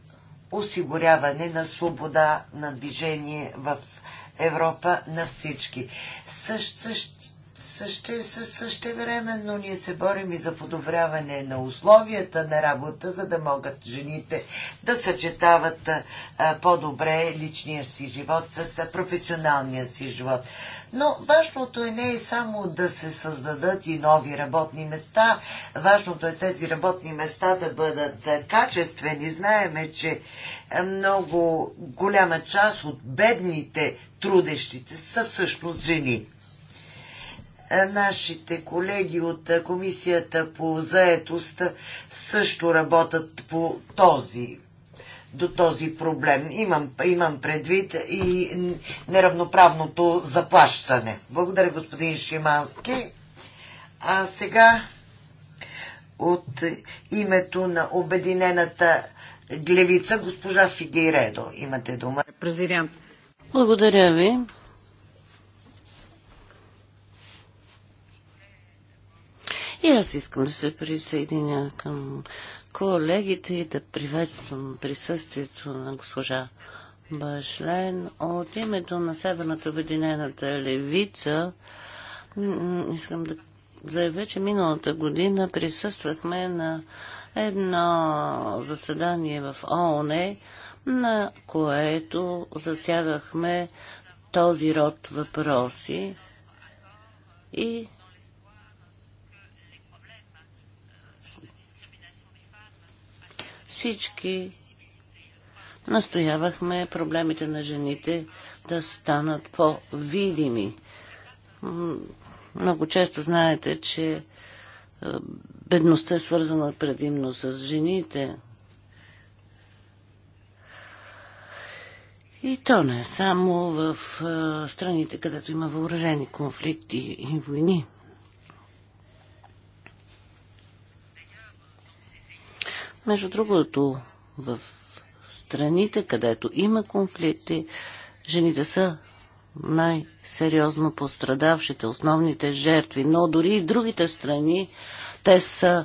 осигуряване на свобода на движение в Европа на всички. Същ, същ, Съще, но ние се борим и за подобряване на условията на работа, за да могат жените да съчетават по-добре личния си живот с професионалния си живот. Но важното е не е само да се създадат и нови работни места, важното е тези работни места да бъдат качествени. Знаеме, че много голяма част от бедните трудещите са всъщност жени. Нашите колеги от Комисията по заетост също работят по този до този проблем. Имам, имам предвид и неравноправното заплащане. Благодаря, господин Шимански. А сега от името на Обединената глевица, госпожа Фигейредо. Имате дума. Президент. Благодаря ви. И аз искам да се присъединя към колегите и да приветствам присъствието на госпожа Башлен. От името на Северната обединената левица искам да заявя, че миналата година присъствахме на едно заседание в ООН, на което засягахме този род въпроси и Всички настоявахме проблемите на жените да станат по-видими. Много често знаете, че е, бедността е свързана предимно с жените. И то не само в е, страните, където има въоръжени конфликти и войни. Между другото, в страните, където има конфликти, жените са най-сериозно пострадавшите, основните жертви, но дори и другите страни, те, са,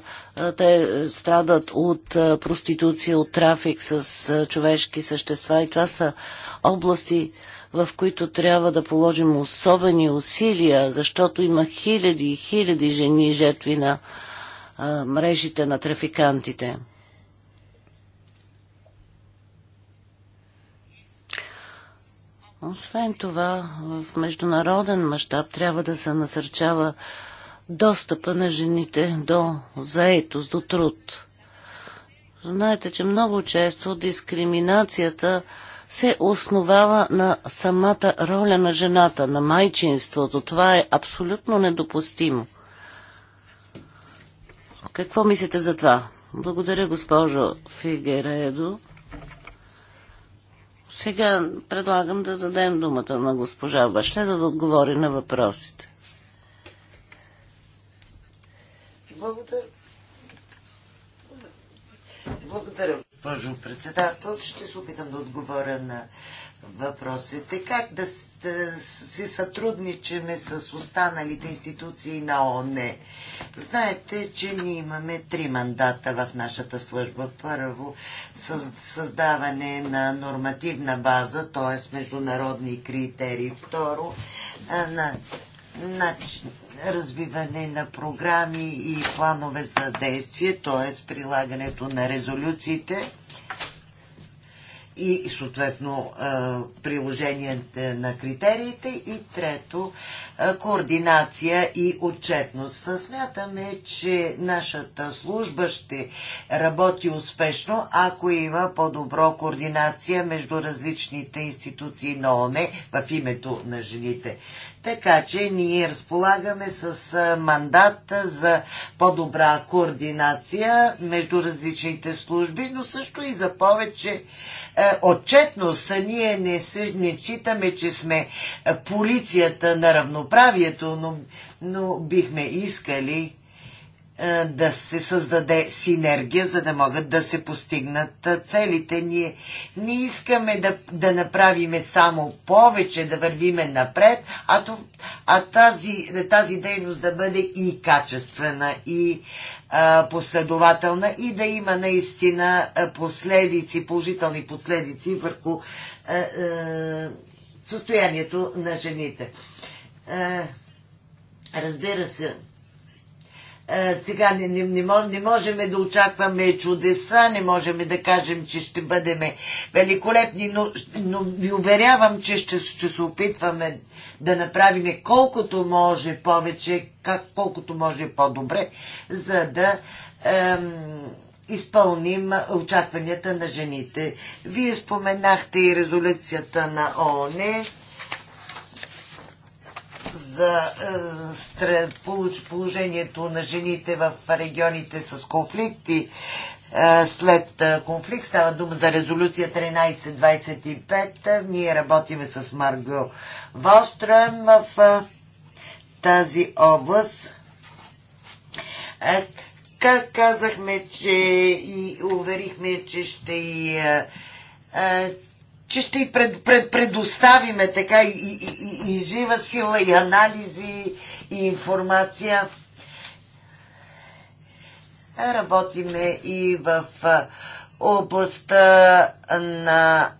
те страдат от проституция, от трафик с човешки същества и това са области, в които трябва да положим особени усилия, защото има хиляди и хиляди жени жертви на а, мрежите на трафикантите. Освен това, в международен мащаб трябва да се насърчава достъпа на жените до заетост, до труд. Знаете, че много често дискриминацията се основава на самата роля на жената, на майчинството. Това е абсолютно недопустимо. Какво мислите за това? Благодаря, госпожо Фигередо. Сега предлагам да дадем думата на госпожа Башле, за да отговори на въпросите. Благодаря. Благодаря, госпожо председател. Ще се опитам да отговоря на въпросите, как да, да си сътрудничиме с останалите институции на ООН. Знаете, че ние имаме три мандата в нашата служба. Първо, създаване на нормативна база, т.е. международни критерии. Второ, на, на развиване на програми и планове за действие, т.е. прилагането на резолюциите и съответно приложенията на критериите и трето координация и отчетност. Смятаме, че нашата служба ще работи успешно, ако има по-добро координация между различните институции на ОНЕ в името на жените. Така че ние разполагаме с мандат за по-добра координация между различните служби, но също и за повече е, отчетност. Ние не, се, не читаме, че сме е, полицията на равноправието, но, но бихме искали е, да се създаде синергия, за да могат да се постигнат е, целите. Ние не искаме да, да направиме само повече, да вървиме напред, а, а тази, тази дейност да бъде и качествена, и а, е, последователна, и да има наистина последици, положителни последици върху а, а, състоянието на жените. А, разбира се, е, сега не, не, не, мож, не можем да очакваме чудеса, не можем да кажем, че ще бъдем великолепни, но, но ви уверявам, че ще, ще се опитваме да направим колкото може повече, как, колкото може по-добре, за да ем, изпълним очакванията на жените. Вие споменахте и резолюцията на ООН за е, положението на жените в регионите с конфликти е, след е, конфликт. Става дума за резолюция 1325. Ние работиме с Марго Валстрем в тази област. Как казахме, че и уверихме, че ще и че ще и пред, пред, предоставиме така и, и, и, и жива сила, и анализи, и информация. Работиме и в областта на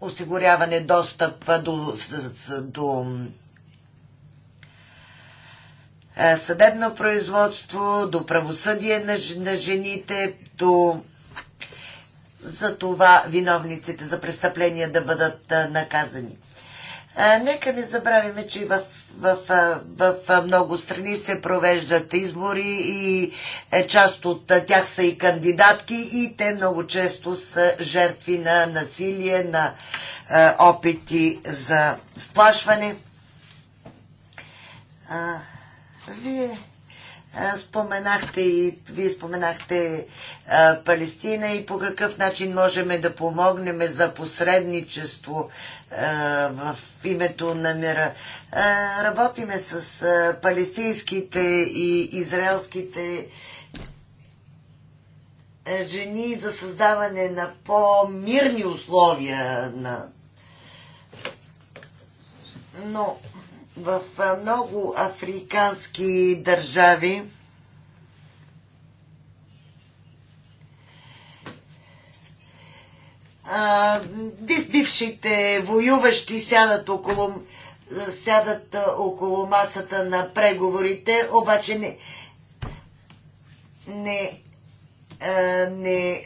осигуряване достъп до, до съдебно производство, до правосъдие на, на жените, до за това виновниците за престъпления да бъдат наказани. Нека не забравяме, че в, в, в, в много страни се провеждат избори и е, част от тях са и кандидатки и те много често са жертви на насилие, на е, опити за сплашване. А, вие Споменахте и вие споменахте а, Палестина и по какъв начин можем да помогнем за посредничество а, в името на мира. А, работиме с а, палестинските и израелските жени за създаване на по-мирни условия на но в много африкански държави бившите воюващи сядат около, сядат около масата на преговорите, обаче не, не, не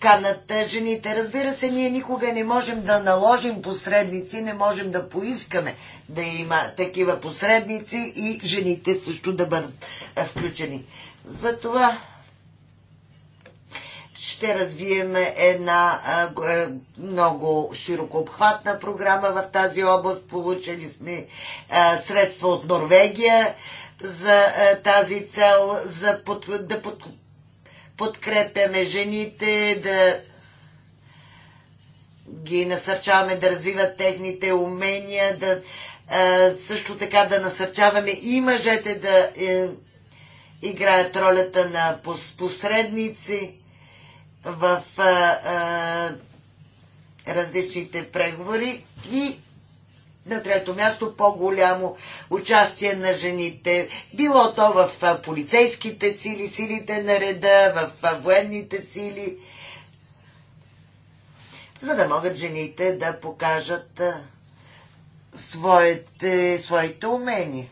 канат жените. Разбира се, ние никога не можем да наложим посредници, не можем да поискаме да има такива посредници и жените също да бъдат е, включени. Затова ще развием една е, много широко обхватна програма в тази област. Получили сме средства от Норвегия за тази цел, за под, да подкупим подкрепяме жените, да ги насърчаваме да развиват техните умения, да също така да насърчаваме и мъжете да е, играят ролята на посредници в е, различните преговори и на трето място по-голямо участие на жените. Било то в полицейските сили, силите на реда, в военните сили, за да могат жените да покажат своите, своите умения.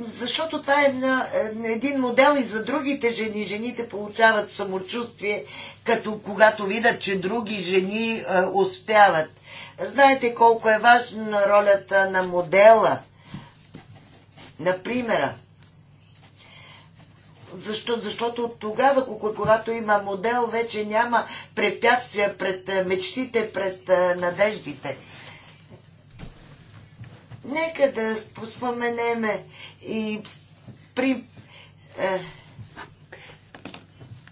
Защото това е една, е, един модел и за другите жени. Жените получават самочувствие, като когато видят, че други жени успяват. Знаете колко е важна ролята на модела, на примера. Защо, защото тогава, когато има модел, вече няма препятствия пред е, мечтите, пред е, надеждите. Нека да споменеме и при, е,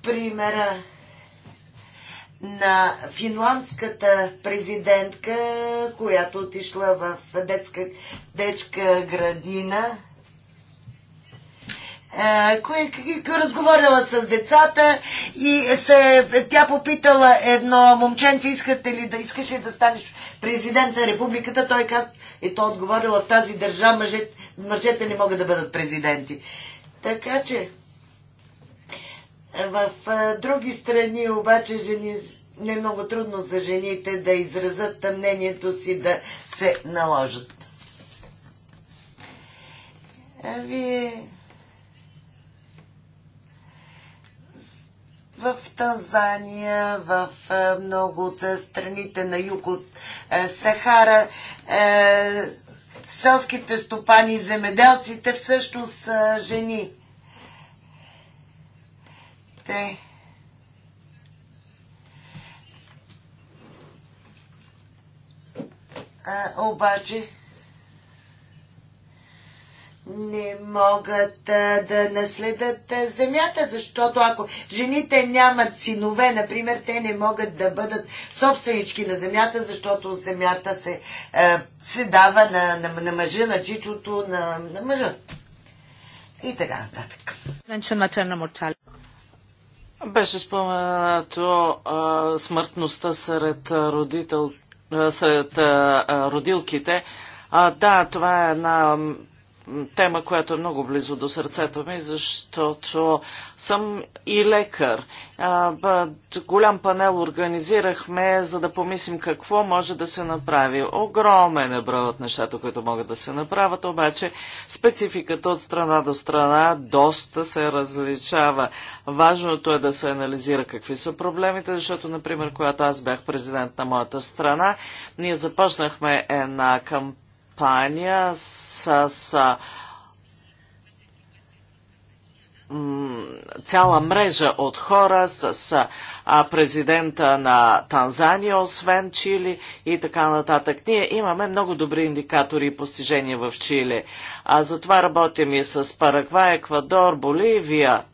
примера на финландската президентка, която отишла в детска, детска градина, Кой разговорила с децата и се, тя попитала едно момченце, искате ли да искаш ли да станеш президент на републиката, той каз, и то отговорила в тази държава, мъжете, мъжете не могат да бъдат президенти. Така че, в други страни обаче жени, не е много трудно за жените да изразят тъмнението си, да се наложат. А вие... в Танзания, в много от страните на юг от Сахара. Селските стопани, земеделците всъщност са жени те а, обаче не могат а, да наследат а, земята, защото ако жените нямат синове, например, те не могат да бъдат собственички на земята, защото земята се, а, се дава на, на, на мъжа, на чичото, на, на мъжа. И така нататък. Беше споменато а, смъртността сред, родител, а, сред а, родилките. А, да, това е една тема, която е много близо до сърцето ми, защото съм и лекар. голям панел организирахме, за да помислим какво може да се направи. Огромен е броят нещата, които могат да се направят, обаче спецификата от страна до страна доста се различава. Важното е да се анализира какви са проблемите, защото, например, когато аз бях президент на моята страна, ние започнахме една кампания кампания с, цяла мрежа от хора с, с а, президента на Танзания, освен Чили и така нататък. Ние имаме много добри индикатори и постижения в Чили. А затова работим и с Парагвай, Еквадор, Боливия.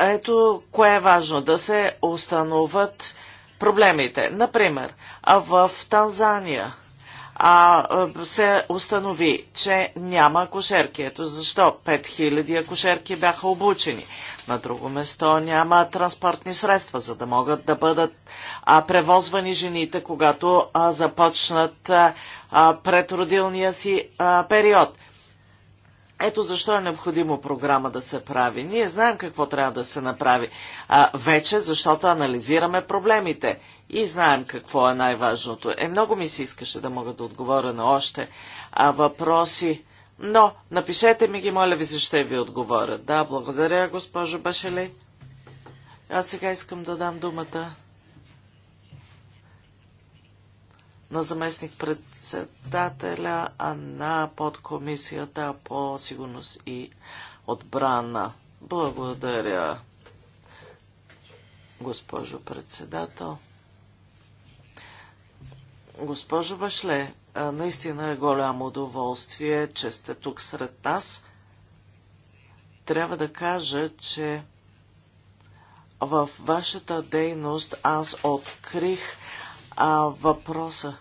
Ето кое е важно да се установят проблемите. Например, в Танзания а, се установи, че няма акушерки. Ето защо 5000 акушерки бяха обучени. На друго место няма транспортни средства, за да могат да бъдат а, превозвани жените, когато а, започнат а, предродилния си а, период. Ето защо е необходимо програма да се прави. Ние знаем какво трябва да се направи а, вече, защото анализираме проблемите и знаем какво е най-важното. Е, много ми се искаше да мога да отговоря на още а, въпроси, но напишете ми ги, моля ви, защо ви отговоря. Да, благодаря, госпожо Башелей. Аз сега искам да дам думата на заместник-председателя, а на подкомисията по сигурност и отбрана. Благодаря, госпожо председател. Госпожо Башле, наистина е голямо удоволствие, че сте тук сред нас. Трябва да кажа, че във вашата дейност аз открих а, въпроса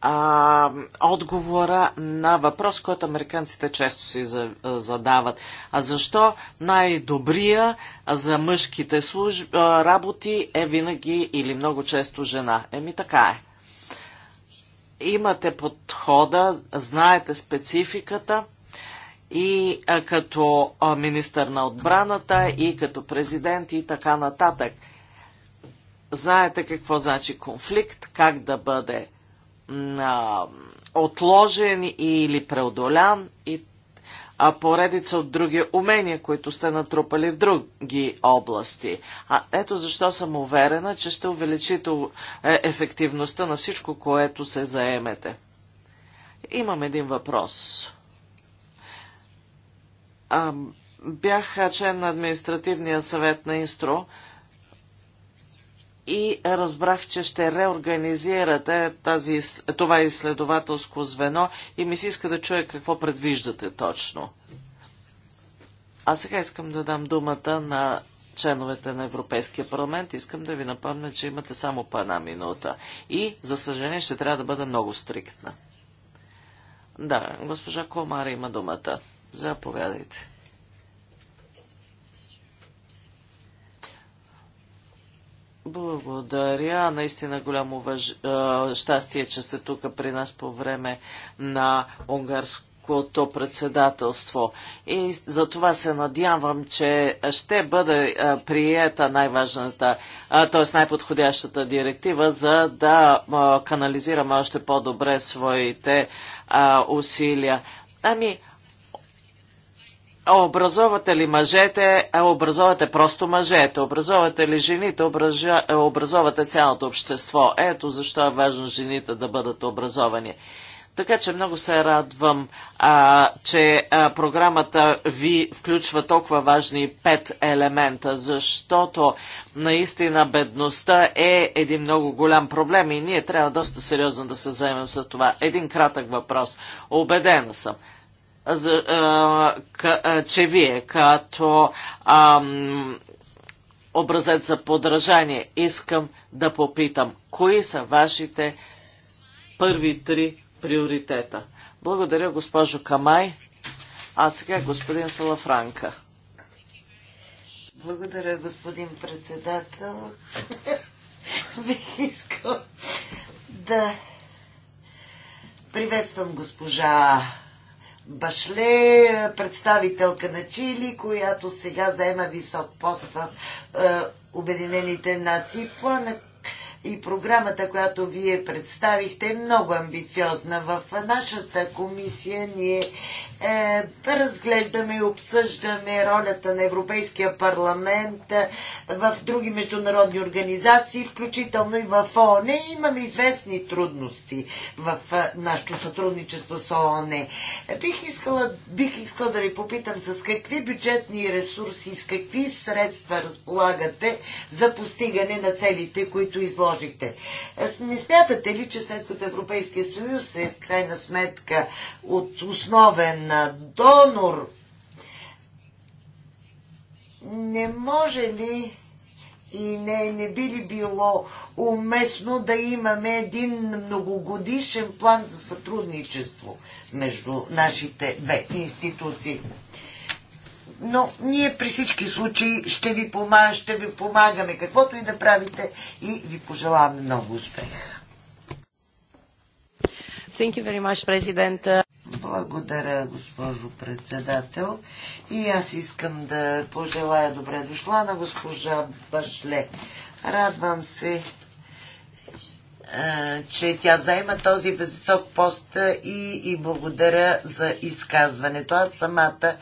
а, отговора на въпрос, който американците често си задават. А защо най-добрия за мъжките служб, работи е винаги или много често жена? Еми така е. Имате подхода, знаете спецификата и а, като министър на отбраната, и като президент и така нататък – знаете какво значи конфликт, как да бъде а, отложен или преодолян и а поредица от други умения, които сте натрупали в други области. А ето защо съм уверена, че ще увеличите е, ефективността на всичко, което се заемете. Имам един въпрос. А, бях член на административния съвет на Инстро и разбрах, че ще реорганизирате тази, това изследователско звено и ми се иска да чуя какво предвиждате точно. А сега искам да дам думата на членовете на Европейския парламент. Искам да ви напомня, че имате само по една минута. И, за съжаление, ще трябва да бъда много стриктна. Да, госпожа Комара има думата. Заповядайте. Благодаря. Наистина голямо въж... щастие, че сте тук при нас по време на унгарското председателство. И за това се надявам, че ще бъде приета най-важната, т.е. най-подходящата директива, за да канализираме още по-добре своите усилия. Ами, Образовате ли мъжете, а образовате просто мъжете. Образовате ли жените, е, образовате цялото общество. Ето защо е важно жените да бъдат образовани. Така че много се радвам, а, че а, програмата ви включва толкова важни пет елемента, защото наистина бедността е един много голям проблем и ние трябва доста сериозно да се заемем с това. Един кратък въпрос. Обедена съм че вие като ам, образец за подражание искам да попитам, кои са вашите първи три приоритета? Благодаря, госпожо Камай. А сега господин Салафранка. Благодаря, господин председател. Бих искал да приветствам госпожа Башле, представителка на Чили, която сега заема висок пост в е, Обединените нации. Планът и програмата, която вие представихте, е много амбициозна. В нашата комисия ние е, разглеждаме и обсъждаме ролята на Европейския парламент е, в други международни организации, включително и в ООН. Имаме известни трудности в е, нашето сътрудничество с ООН. Е, бих искала, бих искала да ви попитам с какви бюджетни ресурси, с какви средства разполагате за постигане на целите, които изложите предложихте. Е, не смятате ли, че след като Европейския съюз е в крайна сметка от основен донор, не може ли и не, не би ли било уместно да имаме един многогодишен план за сътрудничество между нашите две институции? но ние при всички случаи ще ви, помаг, ще ви помагаме, каквото и да правите и ви пожелаваме много успех. Thank you very much, President. Благодаря, госпожо председател. И аз искам да пожелая добре дошла на госпожа Башле. Радвам се, че тя заема този висок пост и, и благодаря за изказването. Аз самата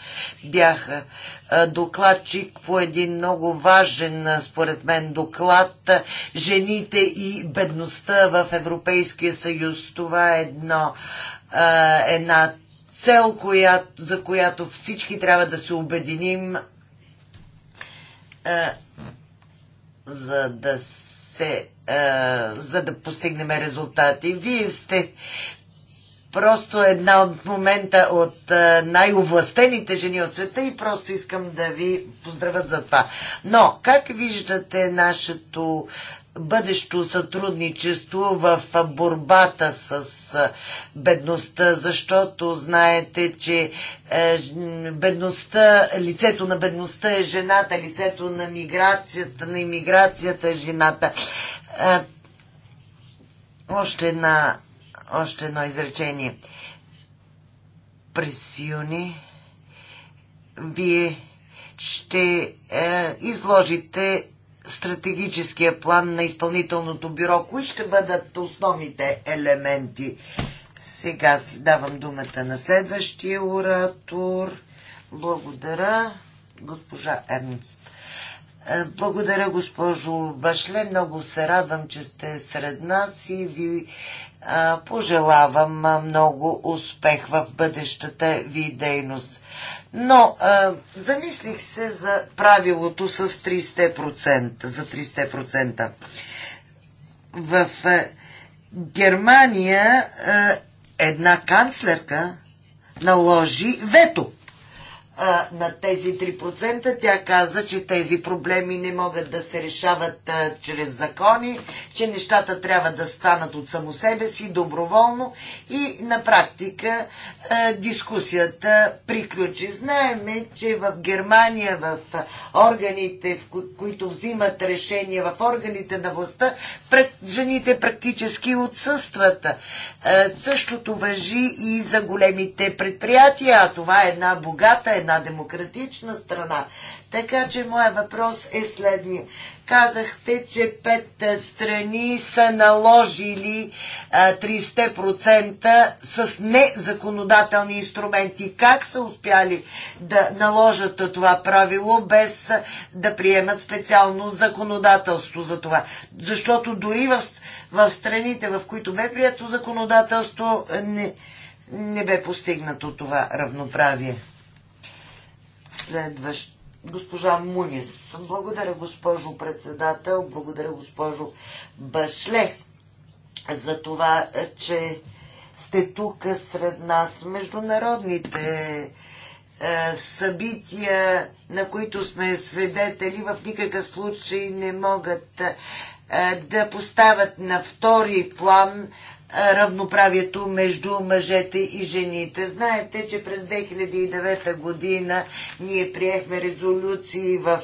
бях докладчик по един много важен, според мен, доклад Жените и бедността в Европейския съюз. Това е едно, една цел, която, за която всички трябва да се обединим, за да се се, а, за да постигнем резултати. Вие сте просто една от момента от най-овластените жени от света и просто искам да ви поздравя за това. Но, как виждате нашето бъдещо сътрудничество в борбата с бедността, защото знаете, че е, бедността, лицето на бедността е жената, лицето на миграцията, на иммиграцията е жената. Е, още, една, още едно изречение. През юни вие ще е, изложите стратегическия план на изпълнителното бюро? Кои ще бъдат основните елементи? Сега си давам думата на следващия оратор. Благодаря, госпожа Ернст. Е, благодаря, госпожо Башле. Много се радвам, че сте сред нас и ви пожелавам много успех в бъдещата ви дейност. Но а, замислих се за правилото с 300% за 300%. В а, Германия а, една канцлерка наложи вето а, на тези 3%. Тя каза, че тези проблеми не могат да се решават а, чрез закони, че нещата трябва да станат от само себе си, доброволно и на практика а, дискусията приключи. Знаеме, че в Германия, в органите, в кои, които взимат решения, в органите на властта, пред, жените практически отсъстват. А, същото въжи и за големите предприятия, а това е една богата, една една демократична страна. Така че моят въпрос е следния. Казахте, че пет страни са наложили 30% с незаконодателни инструменти. Как са успяли да наложат това правило без да приемат специално законодателство за това? Защото дори в, в страните, в които бе прието законодателство, не, не бе постигнато това равноправие. Следващ госпожа Мунис. Благодаря, госпожо председател. Благодаря, госпожо Башле, за това, че сте тук сред нас. Международните е, събития, на които сме свидетели, в никакъв случай не могат е, да поставят на втори план равноправието между мъжете и жените. Знаете, че през 2009 година ние приехме резолюции в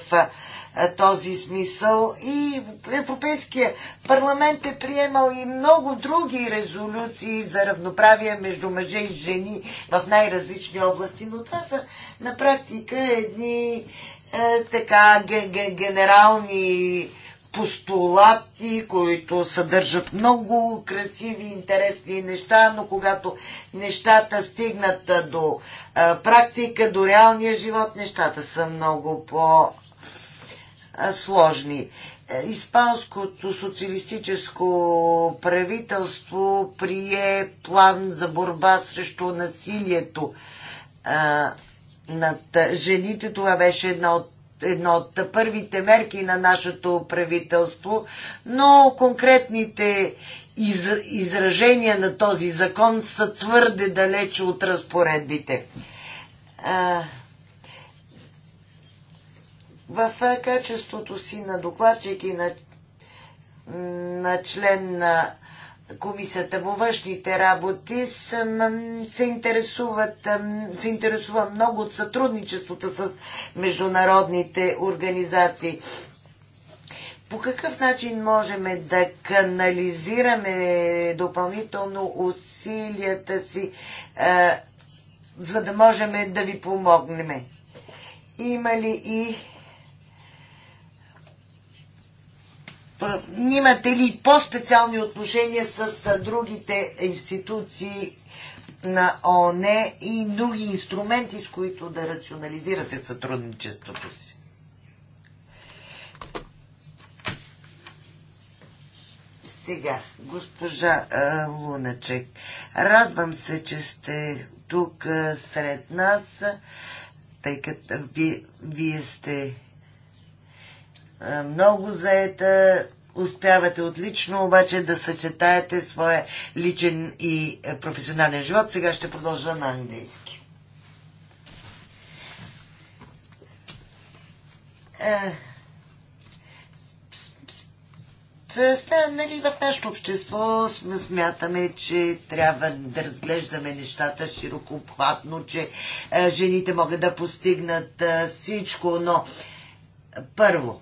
този смисъл и Европейския парламент е приемал и много други резолюции за равноправие между мъже и жени в най-различни области, но това са на практика едни е, така генерални постулати, които съдържат много красиви, интересни неща, но когато нещата стигнат до практика, до реалния живот, нещата са много по-сложни. Е, Испанското социалистическо правителство прие план за борба срещу насилието над жените. Това беше една от едно от първите мерки на нашето правителство, но конкретните из, изражения на този закон са твърде далече от разпоредбите. А, в качеството си на докладчик и на, на член на Комисията по външните работи съм, се, интересуват, се интересува много от сътрудничеството с международните организации. По какъв начин можем да канализираме допълнително усилията си, а, за да можем да ви помогнем? Има ли и Е, имате ли по-специални отношения с другите институции на ООН и други инструменти, с които да рационализирате сътрудничеството си? Сега, госпожа а, Луначек, радвам се, че сте тук а, сред нас, тъй като ви, вие сте е, много заета, успявате отлично обаче да съчетаете своя личен и е, професионален живот. Сега ще продължа на английски. Е, нали, в нашето общество смятаме, че трябва да разглеждаме нещата широко обхватно, че жените могат да постигнат всичко, но първо,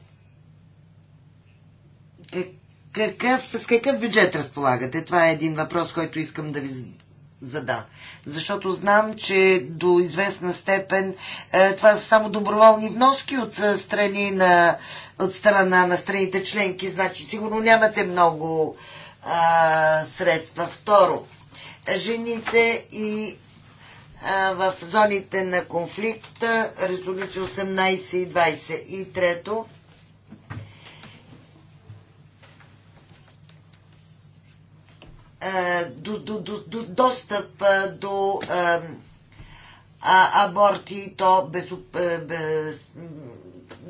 е, какъв, с какъв бюджет разполагате? Това е един въпрос, който искам да ви зада. Защото знам, че до известна степен е, това са само доброволни вноски от, е, страни на, от страна на страните членки. Значи сигурно нямате много а, средства. Второ, жените и в зоните на конфликта, резолюция 18 и 20. И трето, Е, до, до, до, до достъп е, до е, а, аборти, то безоп, без,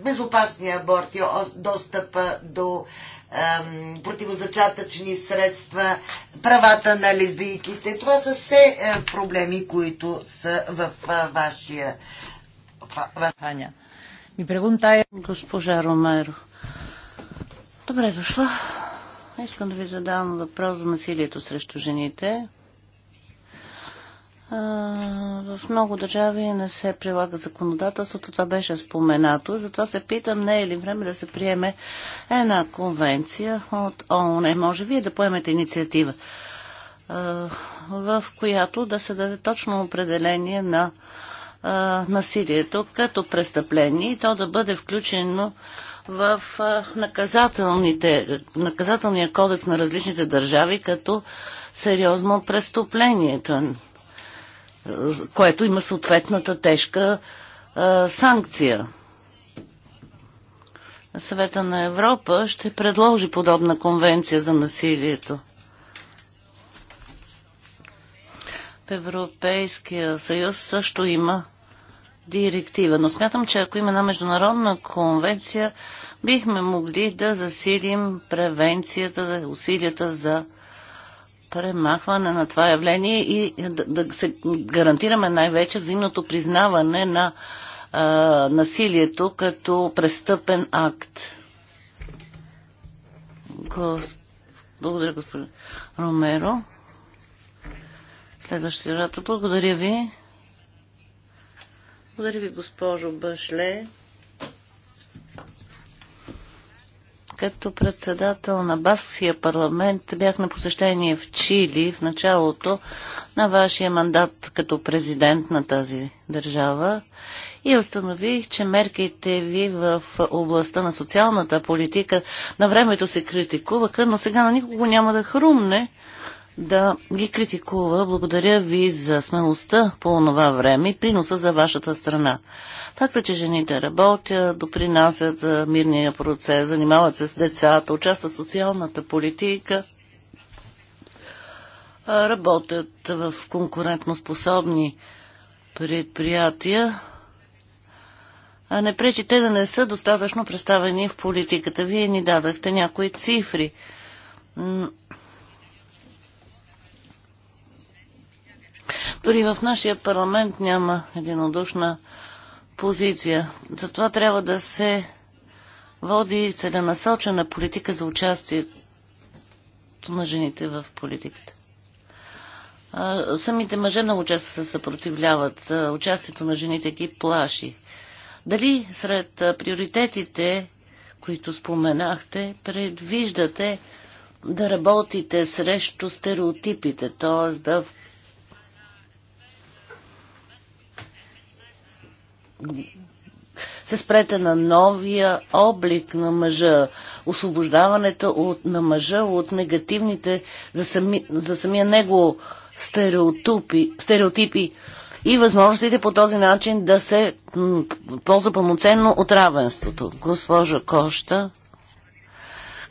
безопасни аборти, достъп до а, противозачатъчни средства, правата на лесбийките. Това са все проблеми, които са в а, вашия... В... Аня. Ми прегунтая госпожа Ромеро. Добре дошла. Искам да ви задам въпрос за насилието срещу жените. В много държави не се прилага законодателството, това беше споменато. Затова се питам, не е ли време да се приеме една конвенция от ООН. Е, може вие да поемете инициатива, в която да се даде точно определение на насилието като престъпление и то да бъде включено в наказателните, наказателния кодекс на различните държави като сериозно престъпление, което има съответната тежка санкция. Съвета на Европа ще предложи подобна конвенция за насилието. В Европейския съюз също има директива, но смятам, че ако има една международна конвенция, бихме могли да засилим превенцията, усилията за премахване на това явление и да, да се гарантираме най-вече взаимното признаване на а, насилието като престъпен акт. Благодаря, господин Ромеро. Следващия рато. Благодаря ви. Благодаря ви, госпожо Башле. Като председател на баския парламент бях на посещение в Чили в началото на вашия мандат като президент на тази държава и установих, че мерките ви в областта на социалната политика на времето се критикуваха, но сега на никого няма да хрумне, да ги критикува. Благодаря ви за смелостта по това време и приноса за вашата страна. Факта, че жените работят, допринасят за мирния процес, занимават се с децата, участват в социалната политика, работят в конкурентноспособни предприятия, а не пречи те да не са достатъчно представени в политиката. Вие ни дадахте някои цифри. Дори в нашия парламент няма единодушна позиция. Затова трябва да се води целенасочена политика за участието на жените в политиката. Самите мъже много често се съпротивляват. Участието на жените ги плаши. Дали сред приоритетите, които споменахте, предвиждате да работите срещу стереотипите, т.е. да се спрете на новия облик на мъжа, освобождаването от, на мъжа от негативните за, сами, за самия него стереотипи, стереотипи и възможностите по този начин да се ползва пълноценно от равенството. Госпожо Коща,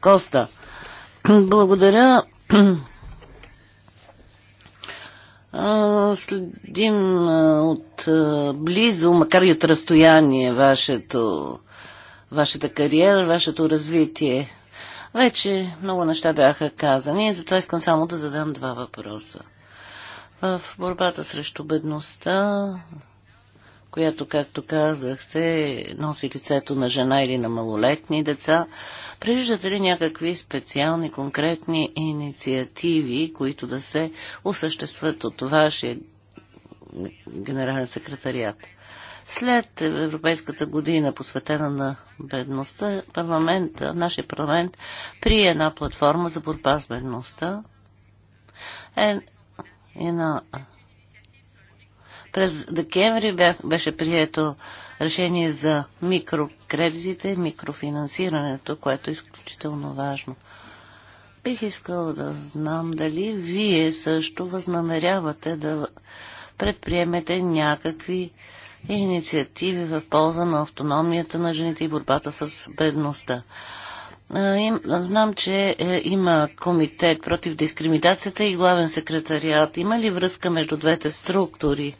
Коста, благодаря Следим от близо, макар и от разстояние, вашето, вашата кариера, вашето развитие. Вече много неща бяха казани и затова искам само да задам два въпроса. В борбата срещу бедността която, както казахте, носи лицето на жена или на малолетни деца. Приждате ли някакви специални, конкретни инициативи, които да се осъществят от вашия генерален секретариат? След Европейската година, посветена на бедността, парламента, нашия парламент прие една платформа за борба с бедността. Е, една през декември беше прието решение за микрокредитите, микрофинансирането, което е изключително важно. Бих искал да знам дали вие също възнамерявате да предприемете някакви инициативи в полза на автономията на жените и борбата с бедността. Знам, че е, има комитет против дискриминацията и главен секретариат. Има ли връзка между двете структури?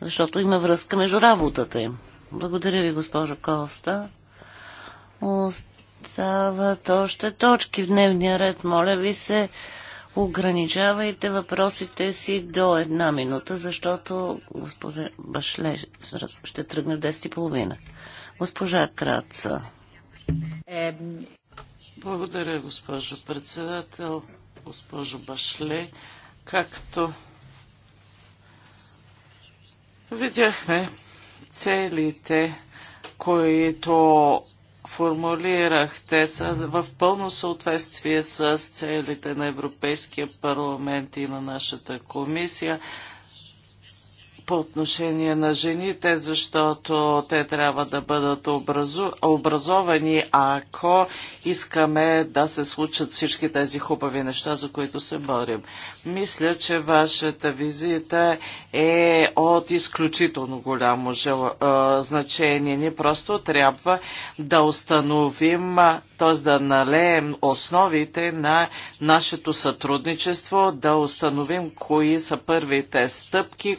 Защото има връзка между работата им. Благодаря ви, госпожо Коста. Остават още точки в дневния ред. Моля ви се, ограничавайте въпросите си до една минута, защото госпожа Башле ще тръгне в 10.30. Госпожа Краца. Благодаря, госпожо председател, госпожо Башле. Както видяхме, целите, които формулирахте са в пълно съответствие с целите на Европейския парламент и на нашата комисия по отношение на жените, защото те трябва да бъдат образовани, ако искаме да се случат всички тези хубави неща, за които се борим. Мисля, че вашата визита е от изключително голямо жел... значение. Ние просто трябва да установим, т.е. да налеем основите на нашето сътрудничество, да установим кои са първите стъпки,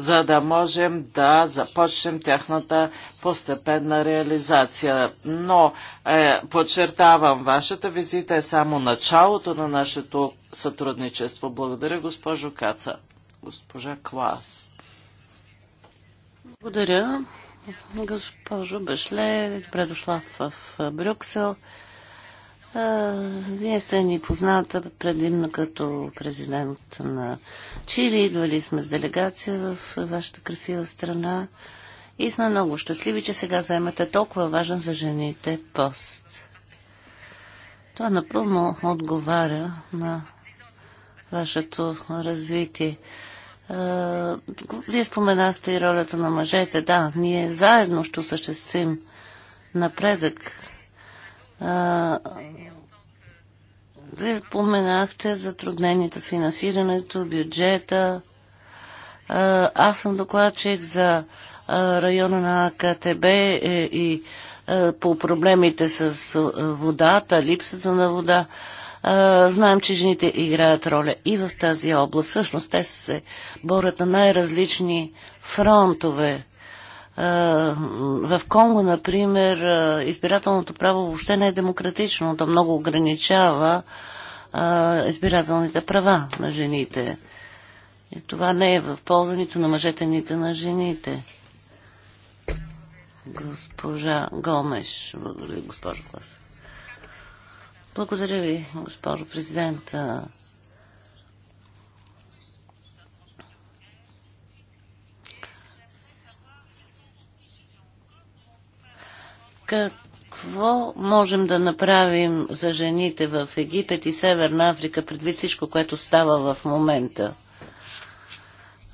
за да можем да започнем тяхната постепенна реализация. Но е, подчертавам, вашата визита е само началото на нашето сътрудничество. Благодаря, госпожо Каца. Госпожа Клас. Благодаря, госпожо Бешле. Добре дошла в, в Брюксел. Вие сте ни позната предимно като президент на Чили. Идвали сме с делегация в вашата красива страна и сме много щастливи, че сега заемате толкова важен за жените пост. Това напълно отговаря на вашето развитие. Вие споменахте и ролята на мъжете. Да, ние заедно ще осъществим напредък вие споменахте затрудненията с финансирането, бюджета. Аз съм докладчик за района на АКТБ е, и по проблемите с водата, липсата на вода. Знаем, че жените играят роля и в тази област. Всъщност те се борят на най-различни фронтове в Конго, например, избирателното право въобще не е демократично, да много ограничава избирателните права на жените. И това не е в полза нито на мъжете, нито на жените. Госпожа Гомеш, благодаря, госпожо Клас. Благодаря ви, госпожо президент. Какво можем да направим за жените в Египет и Северна Африка предвид всичко, което става в момента?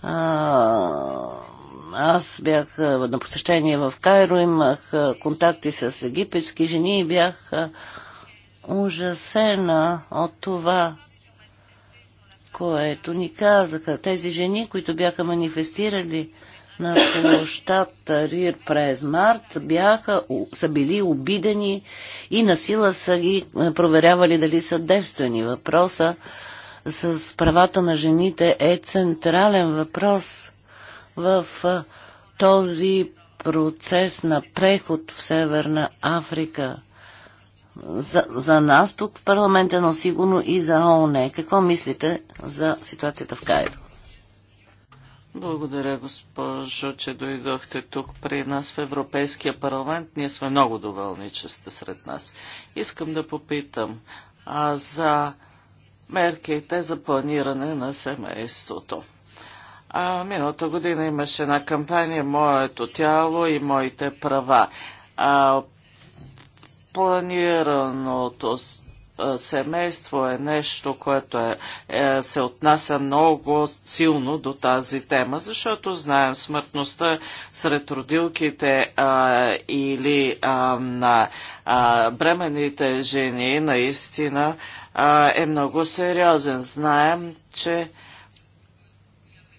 А, аз бях на посещение в Кайро, имах контакти с египетски жени и бях ужасена от това, което ни казаха. Тези жени, които бяха манифестирали на площад Рир през март бяха, са били обидени и насила са ги е, проверявали дали са девствени. Въпроса с правата на жените е централен въпрос в е, този процес на преход в Северна Африка. За, за нас тук в парламента, но сигурно и за ООН. Какво мислите за ситуацията в Кайро? Благодаря, госпожо, че дойдохте тук при нас в Европейския парламент. Ние сме много доволни, че сте сред нас. Искам да попитам а за мерките за планиране на семейството. А, миналата година имаше една кампания Моето тяло и моите права. А, планираното семейство е нещо, което е, е, се отнася много силно до тази тема, защото знаем смъртността сред родилките а, или а, на а, бременните жени наистина а, е много сериозен. Знаем, че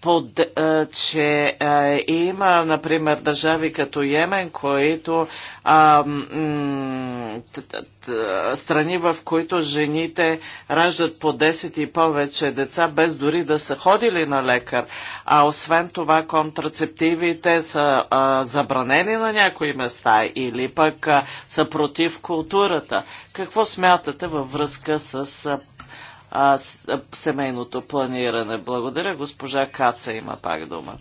под, е, че е, има, например, държави като Йемен, които а, т, т, т, страни, в които жените раждат по 10 и повече деца, без дори да са ходили на лекар. А освен това, контрацептивите са а, забранени на някои места или пък а, са против културата. Какво смятате във връзка с а, семейното планиране. Благодаря. Госпожа Каца има пак думата.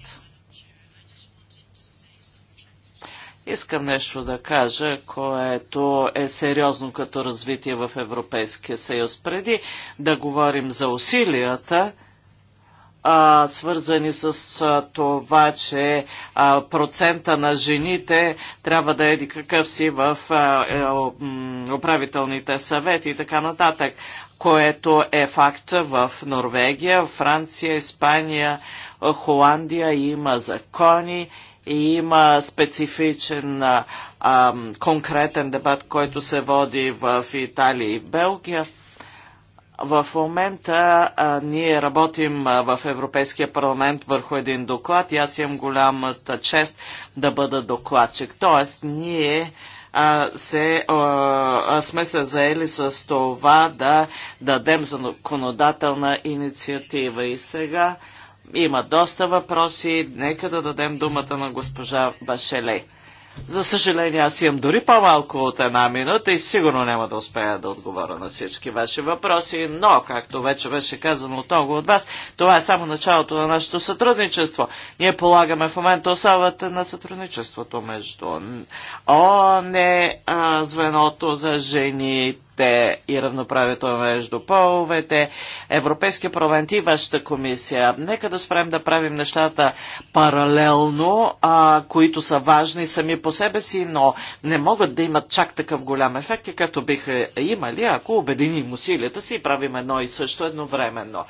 Искам нещо да кажа, което е сериозно като развитие в Европейския съюз. Преди да говорим за усилията, свързани с това, че процента на жените трябва да е еди какъв си в е, управителните съвети и така нататък, което е факт в Норвегия, Франция, Испания, Холандия има закони и има специфичен а, конкретен дебат, който се води в Италия и Белгия. В момента а, ние работим а, в Европейския парламент върху един доклад и аз имам голямата чест да бъда докладчик. Тоест, ние а, се, а, сме се заели с това да дадем законодателна инициатива. И сега има доста въпроси. Нека да дадем думата на госпожа Башелей. За съжаление, аз имам дори по-малко от една минута и сигурно няма да успея да отговоря на всички ваши въпроси, но, както вече беше казано от много от вас, това е само началото на нашето сътрудничество. Ние полагаме в момента основата на сътрудничеството между ОНЕ, звеното за жени, жените и равноправието между половете, Европейския парламент и вашата комисия. Нека да спрем да правим нещата паралелно, а, които са важни сами по себе си, но не могат да имат чак такъв голям ефект, както биха имали, ако обединим усилията си и правим едно и също едновременно.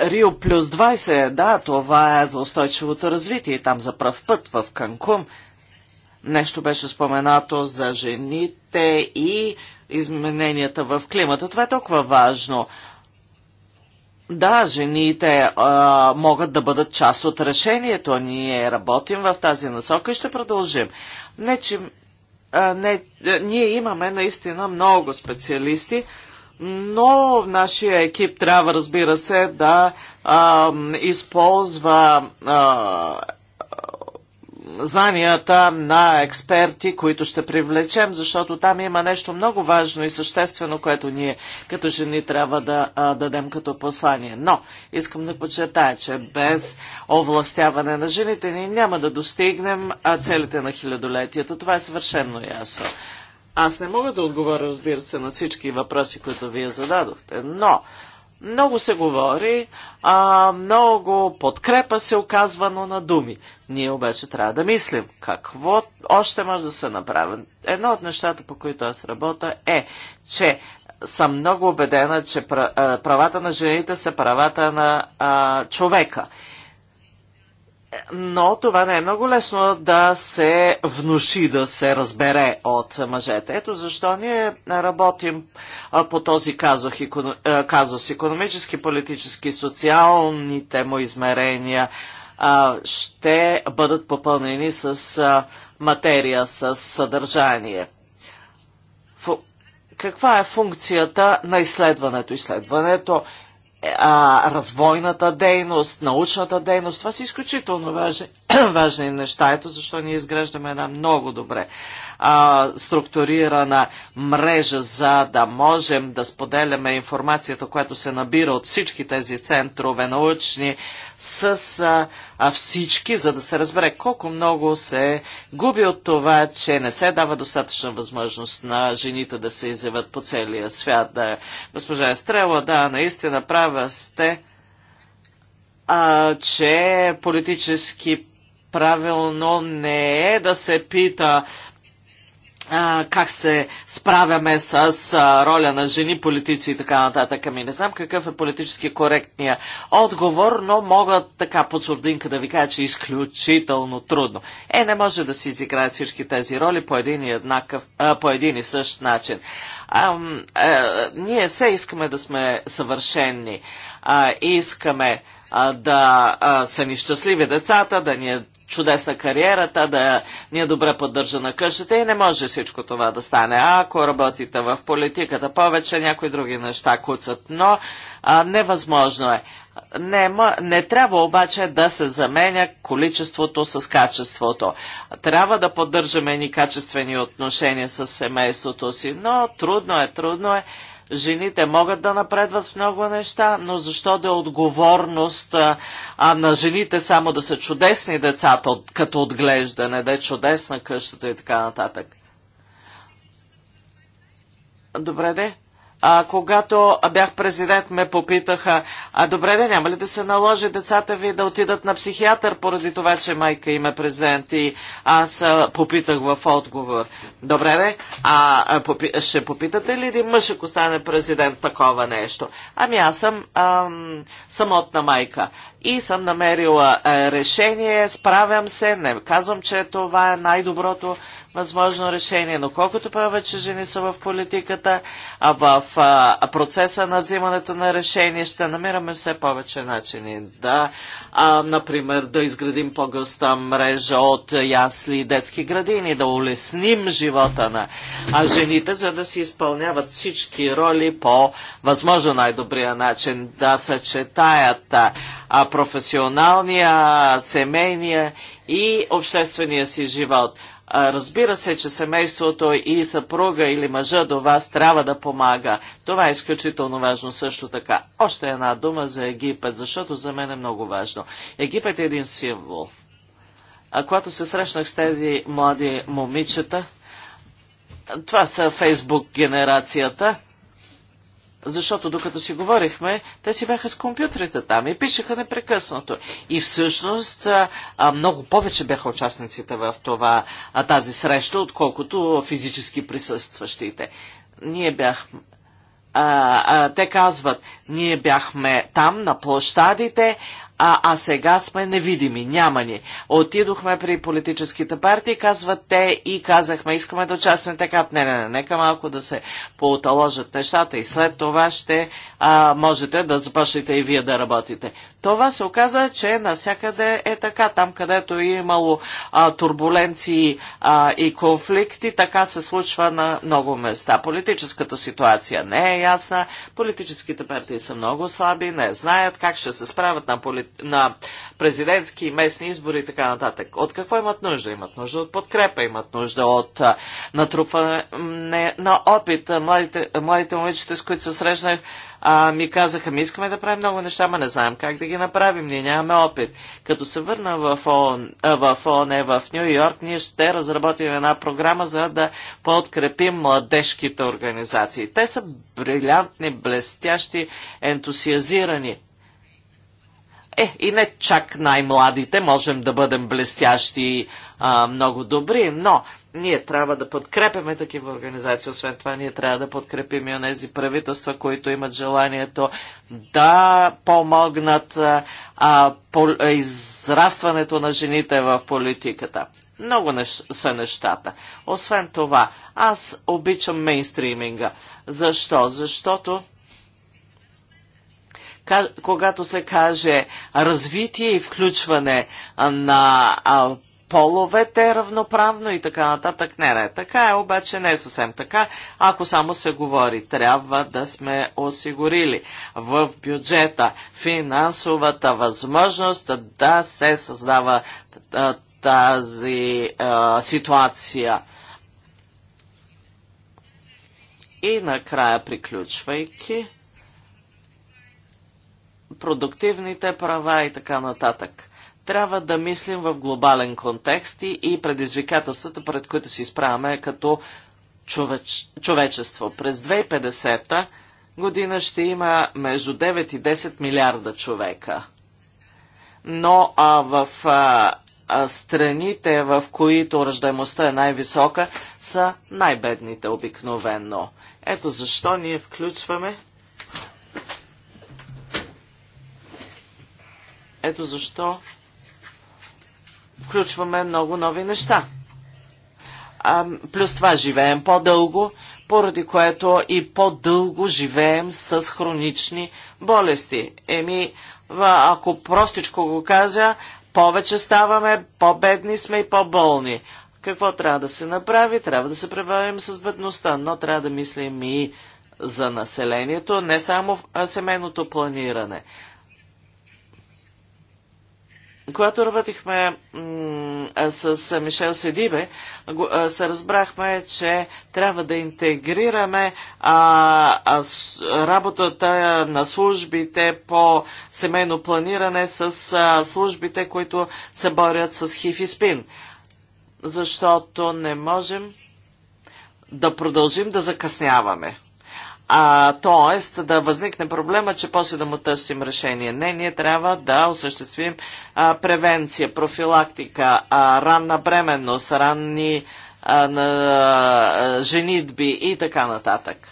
Рио плюс 20, е, да, това е за устойчивото развитие там за пръв път в Канкун – Нещо беше споменато за жените и измененията в климата. Това е толкова важно. Да, жените а, могат да бъдат част от решението. Ние работим в тази насока и ще продължим. Не, че, а, не, а, ние имаме наистина много специалисти, но нашия екип трябва, разбира се, да а, използва а, знанията на експерти, които ще привлечем, защото там има нещо много важно и съществено, което ние като жени трябва да а, дадем като послание. Но искам да подчертая, че без овластяване на жените ние няма да достигнем а, целите на хилядолетието. Това е съвършенно ясно. Аз не мога да отговоря, разбира се, на всички въпроси, които вие зададохте, но много се говори, а много подкрепа се оказвано на думи. Ние обаче трябва да мислим какво още може да се направи. Едно от нещата, по които аз работя е, че съм много убедена, че правата на жените са правата на а, човека но това не е много лесно да се внуши, да се разбере от мъжете. Ето защо ние работим по този казус, казус економически, политически, социалните му измерения ще бъдат попълнени с материя, с съдържание. Каква е функцията на изследването? Изследването а, развойната дейност, научната дейност. Това са изключително важни, важни неща. Ето защо ние изграждаме една много добре а, структурирана мрежа, за да можем да споделяме информацията, която се набира от всички тези центрове научни с. А, а всички, за да се разбере колко много се губи от това, че не се дава достатъчна възможност на жените да се изяват по целия свят. Да, госпожа Естрела, да, наистина права сте, а, че политически правилно не е да се пита как се справяме с а, роля на жени, политици и така нататък. Ами не знам какъв е политически коректния отговор, но мога така под сурдинка да ви кажа, че е изключително трудно. Е, не може да си изиграят всички тези роли по един и, еднакъв, а, по един и същ начин а, а, е, ние все искаме да сме съвършенни. А, искаме а, да а, са ни щастливи децата, да ни е чудесна кариерата, да ни е добре поддържана къщата и не може всичко това да стане. А ако работите в политиката повече, някои други неща куцат, но а, невъзможно е. Не, не трябва обаче да се заменя количеството с качеството. Трябва да поддържаме ни качествени отношения с семейството си, но трудно е, трудно е. Жените могат да напредват много неща, но защо да е отговорност а, на жените само да са чудесни децата, като отглеждане, да е чудесна къщата и така нататък? Добре де. А, когато бях президент, ме попитаха, а добре да няма ли да се наложи децата ви да отидат на психиатър, поради това, че майка има е президент. И аз а, попитах в отговор. Добре да, а, а попи, ще попитате ли един мъж, ако стане президент, такова нещо? Ами аз съм ам, самотна майка и съм намерила е, решение, справям се, не казвам, че това е най-доброто възможно решение, но колкото повече жени са в политиката, а в а, процеса на взимането на решение ще намираме все повече начини да, а, например, да изградим по-гъста мрежа от ясли и детски градини, да улесним живота на а жените, за да си изпълняват всички роли по възможно най-добрия начин, да съчетаят а, професионалния, семейния и обществения си живот. Разбира се, че семейството и съпруга или мъжа до вас трябва да помага. Това е изключително важно също така. Още една дума за Египет, защото за мен е много важно. Египет е един символ. А когато се срещнах с тези млади момичета, това са фейсбук генерацията – защото докато си говорихме, те си бяха с компютрите там и пишеха непрекъснато. И всъщност а, много повече бяха участниците в това, а, тази среща, отколкото физически присъстващите. Ние бяхме. А, а, те казват, ние бяхме там на площадите, а, а сега сме невидими, няма ни. Отидохме при политическите партии, казват те и казахме, искаме да участваме така. Не, не, не, нека малко да се пооталожат нещата и след това ще а, можете да започнете и вие да работите. Това се оказа, че навсякъде е така. Там, където е имало а, турбуленции а, и конфликти, така се случва на много места. Политическата ситуация не е ясна, политическите партии са много слаби, не знаят как ще се справят на полит на президентски и местни избори и така нататък. От какво имат нужда? Имат нужда от подкрепа, имат нужда от натрупване на опит. Младите, младите момичета, с които се срещнах, а, ми казаха, ми искаме да правим много неща, но не знаем как да ги направим, ние нямаме опит. Като се върна в ООН, в, е, в Нью Йорк, ние ще разработим една програма, за да подкрепим младежките организации. Те са брилянтни, блестящи, ентусиазирани е, и не чак най-младите можем да бъдем блестящи а, много добри, но ние трябва да подкрепяме такива организации. Освен това, ние трябва да подкрепим и онези правителства, които имат желанието да помогнат а, по, а, израстването на жените в политиката. Много неш... са нещата. Освен това, аз обичам мейнстриминга. Защо? Защото когато се каже развитие и включване на половете равноправно и така нататък. Не, не, така е, обаче не е съвсем така, ако само се говори. Трябва да сме осигурили в бюджета финансовата възможност да се създава тази ситуация. И накрая приключвайки продуктивните права и така нататък. Трябва да мислим в глобален контекст и предизвикателствата, пред които си изправяме като човеч... човечество. През 2050 година ще има между 9 и 10 милиарда човека. Но а, в а, а, страните, в които ръждаемостта е най-висока, са най-бедните обикновенно. Ето защо ние включваме Ето защо включваме много нови неща. А, плюс това живеем по-дълго, поради което и по-дълго живеем с хронични болести. Еми, ако простичко го кажа, повече ставаме, по-бедни сме и по-болни. Какво трябва да се направи? Трябва да се пребавим с бедността, но трябва да мислим и за населението, не само семейното планиране. Когато работихме с Мишел Седибе, се разбрахме, че трябва да интегрираме а, а, с, работата на службите по семейно планиране с а, службите, които се борят с хиф и спин. Защото не можем да продължим да закъсняваме. А, тоест да възникне проблема, че после да му търсим решение. Не, ние трябва да осъществим а, превенция, профилактика, а, ранна бременност, ранни а, на, а, женитби и така нататък.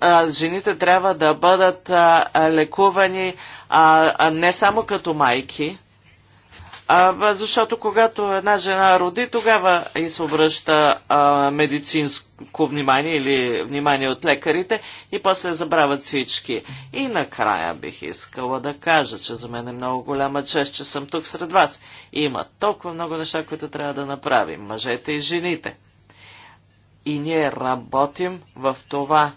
А, жените трябва да бъдат а, лекувани а, а не само като майки, а, защото когато една жена роди, тогава и се обръща а, медицинско внимание или внимание от лекарите и после забравят всички. И накрая бих искала да кажа, че за мен е много голяма чест, че съм тук сред вас. И има толкова много неща, които трябва да направим, мъжете и жените. И ние работим в това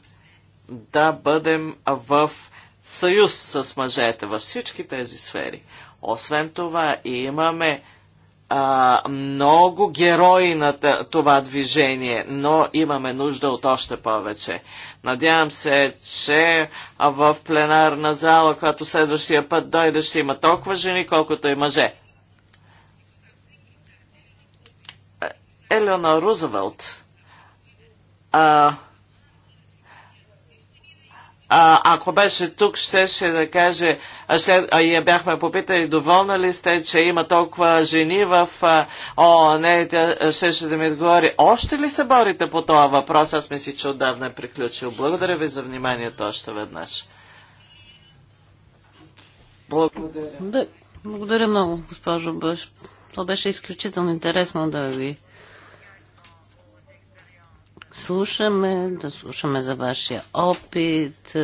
да бъдем в съюз с мъжете във всички тези сфери. Освен това, имаме а, много герои на това движение, но имаме нужда от още повече. Надявам се, че в пленарна зала, когато следващия път дойде, ще има толкова жени, колкото и мъже. Е, Елеонор Рузвелт а, а, ако беше тук, щеше да каже, а, ще, а я бяхме попитали, доволна ли сте, че има толкова жени в а, ООН, тя щеше да ми отговори, още ли се борите по това въпрос? Аз мисля, че отдавна е приключил. Благодаря ви за вниманието още веднъж. Благодаря. Да, благодаря много, госпожо Бъш. Това беше изключително интересно да ви слушаме, да слушаме за вашия опит,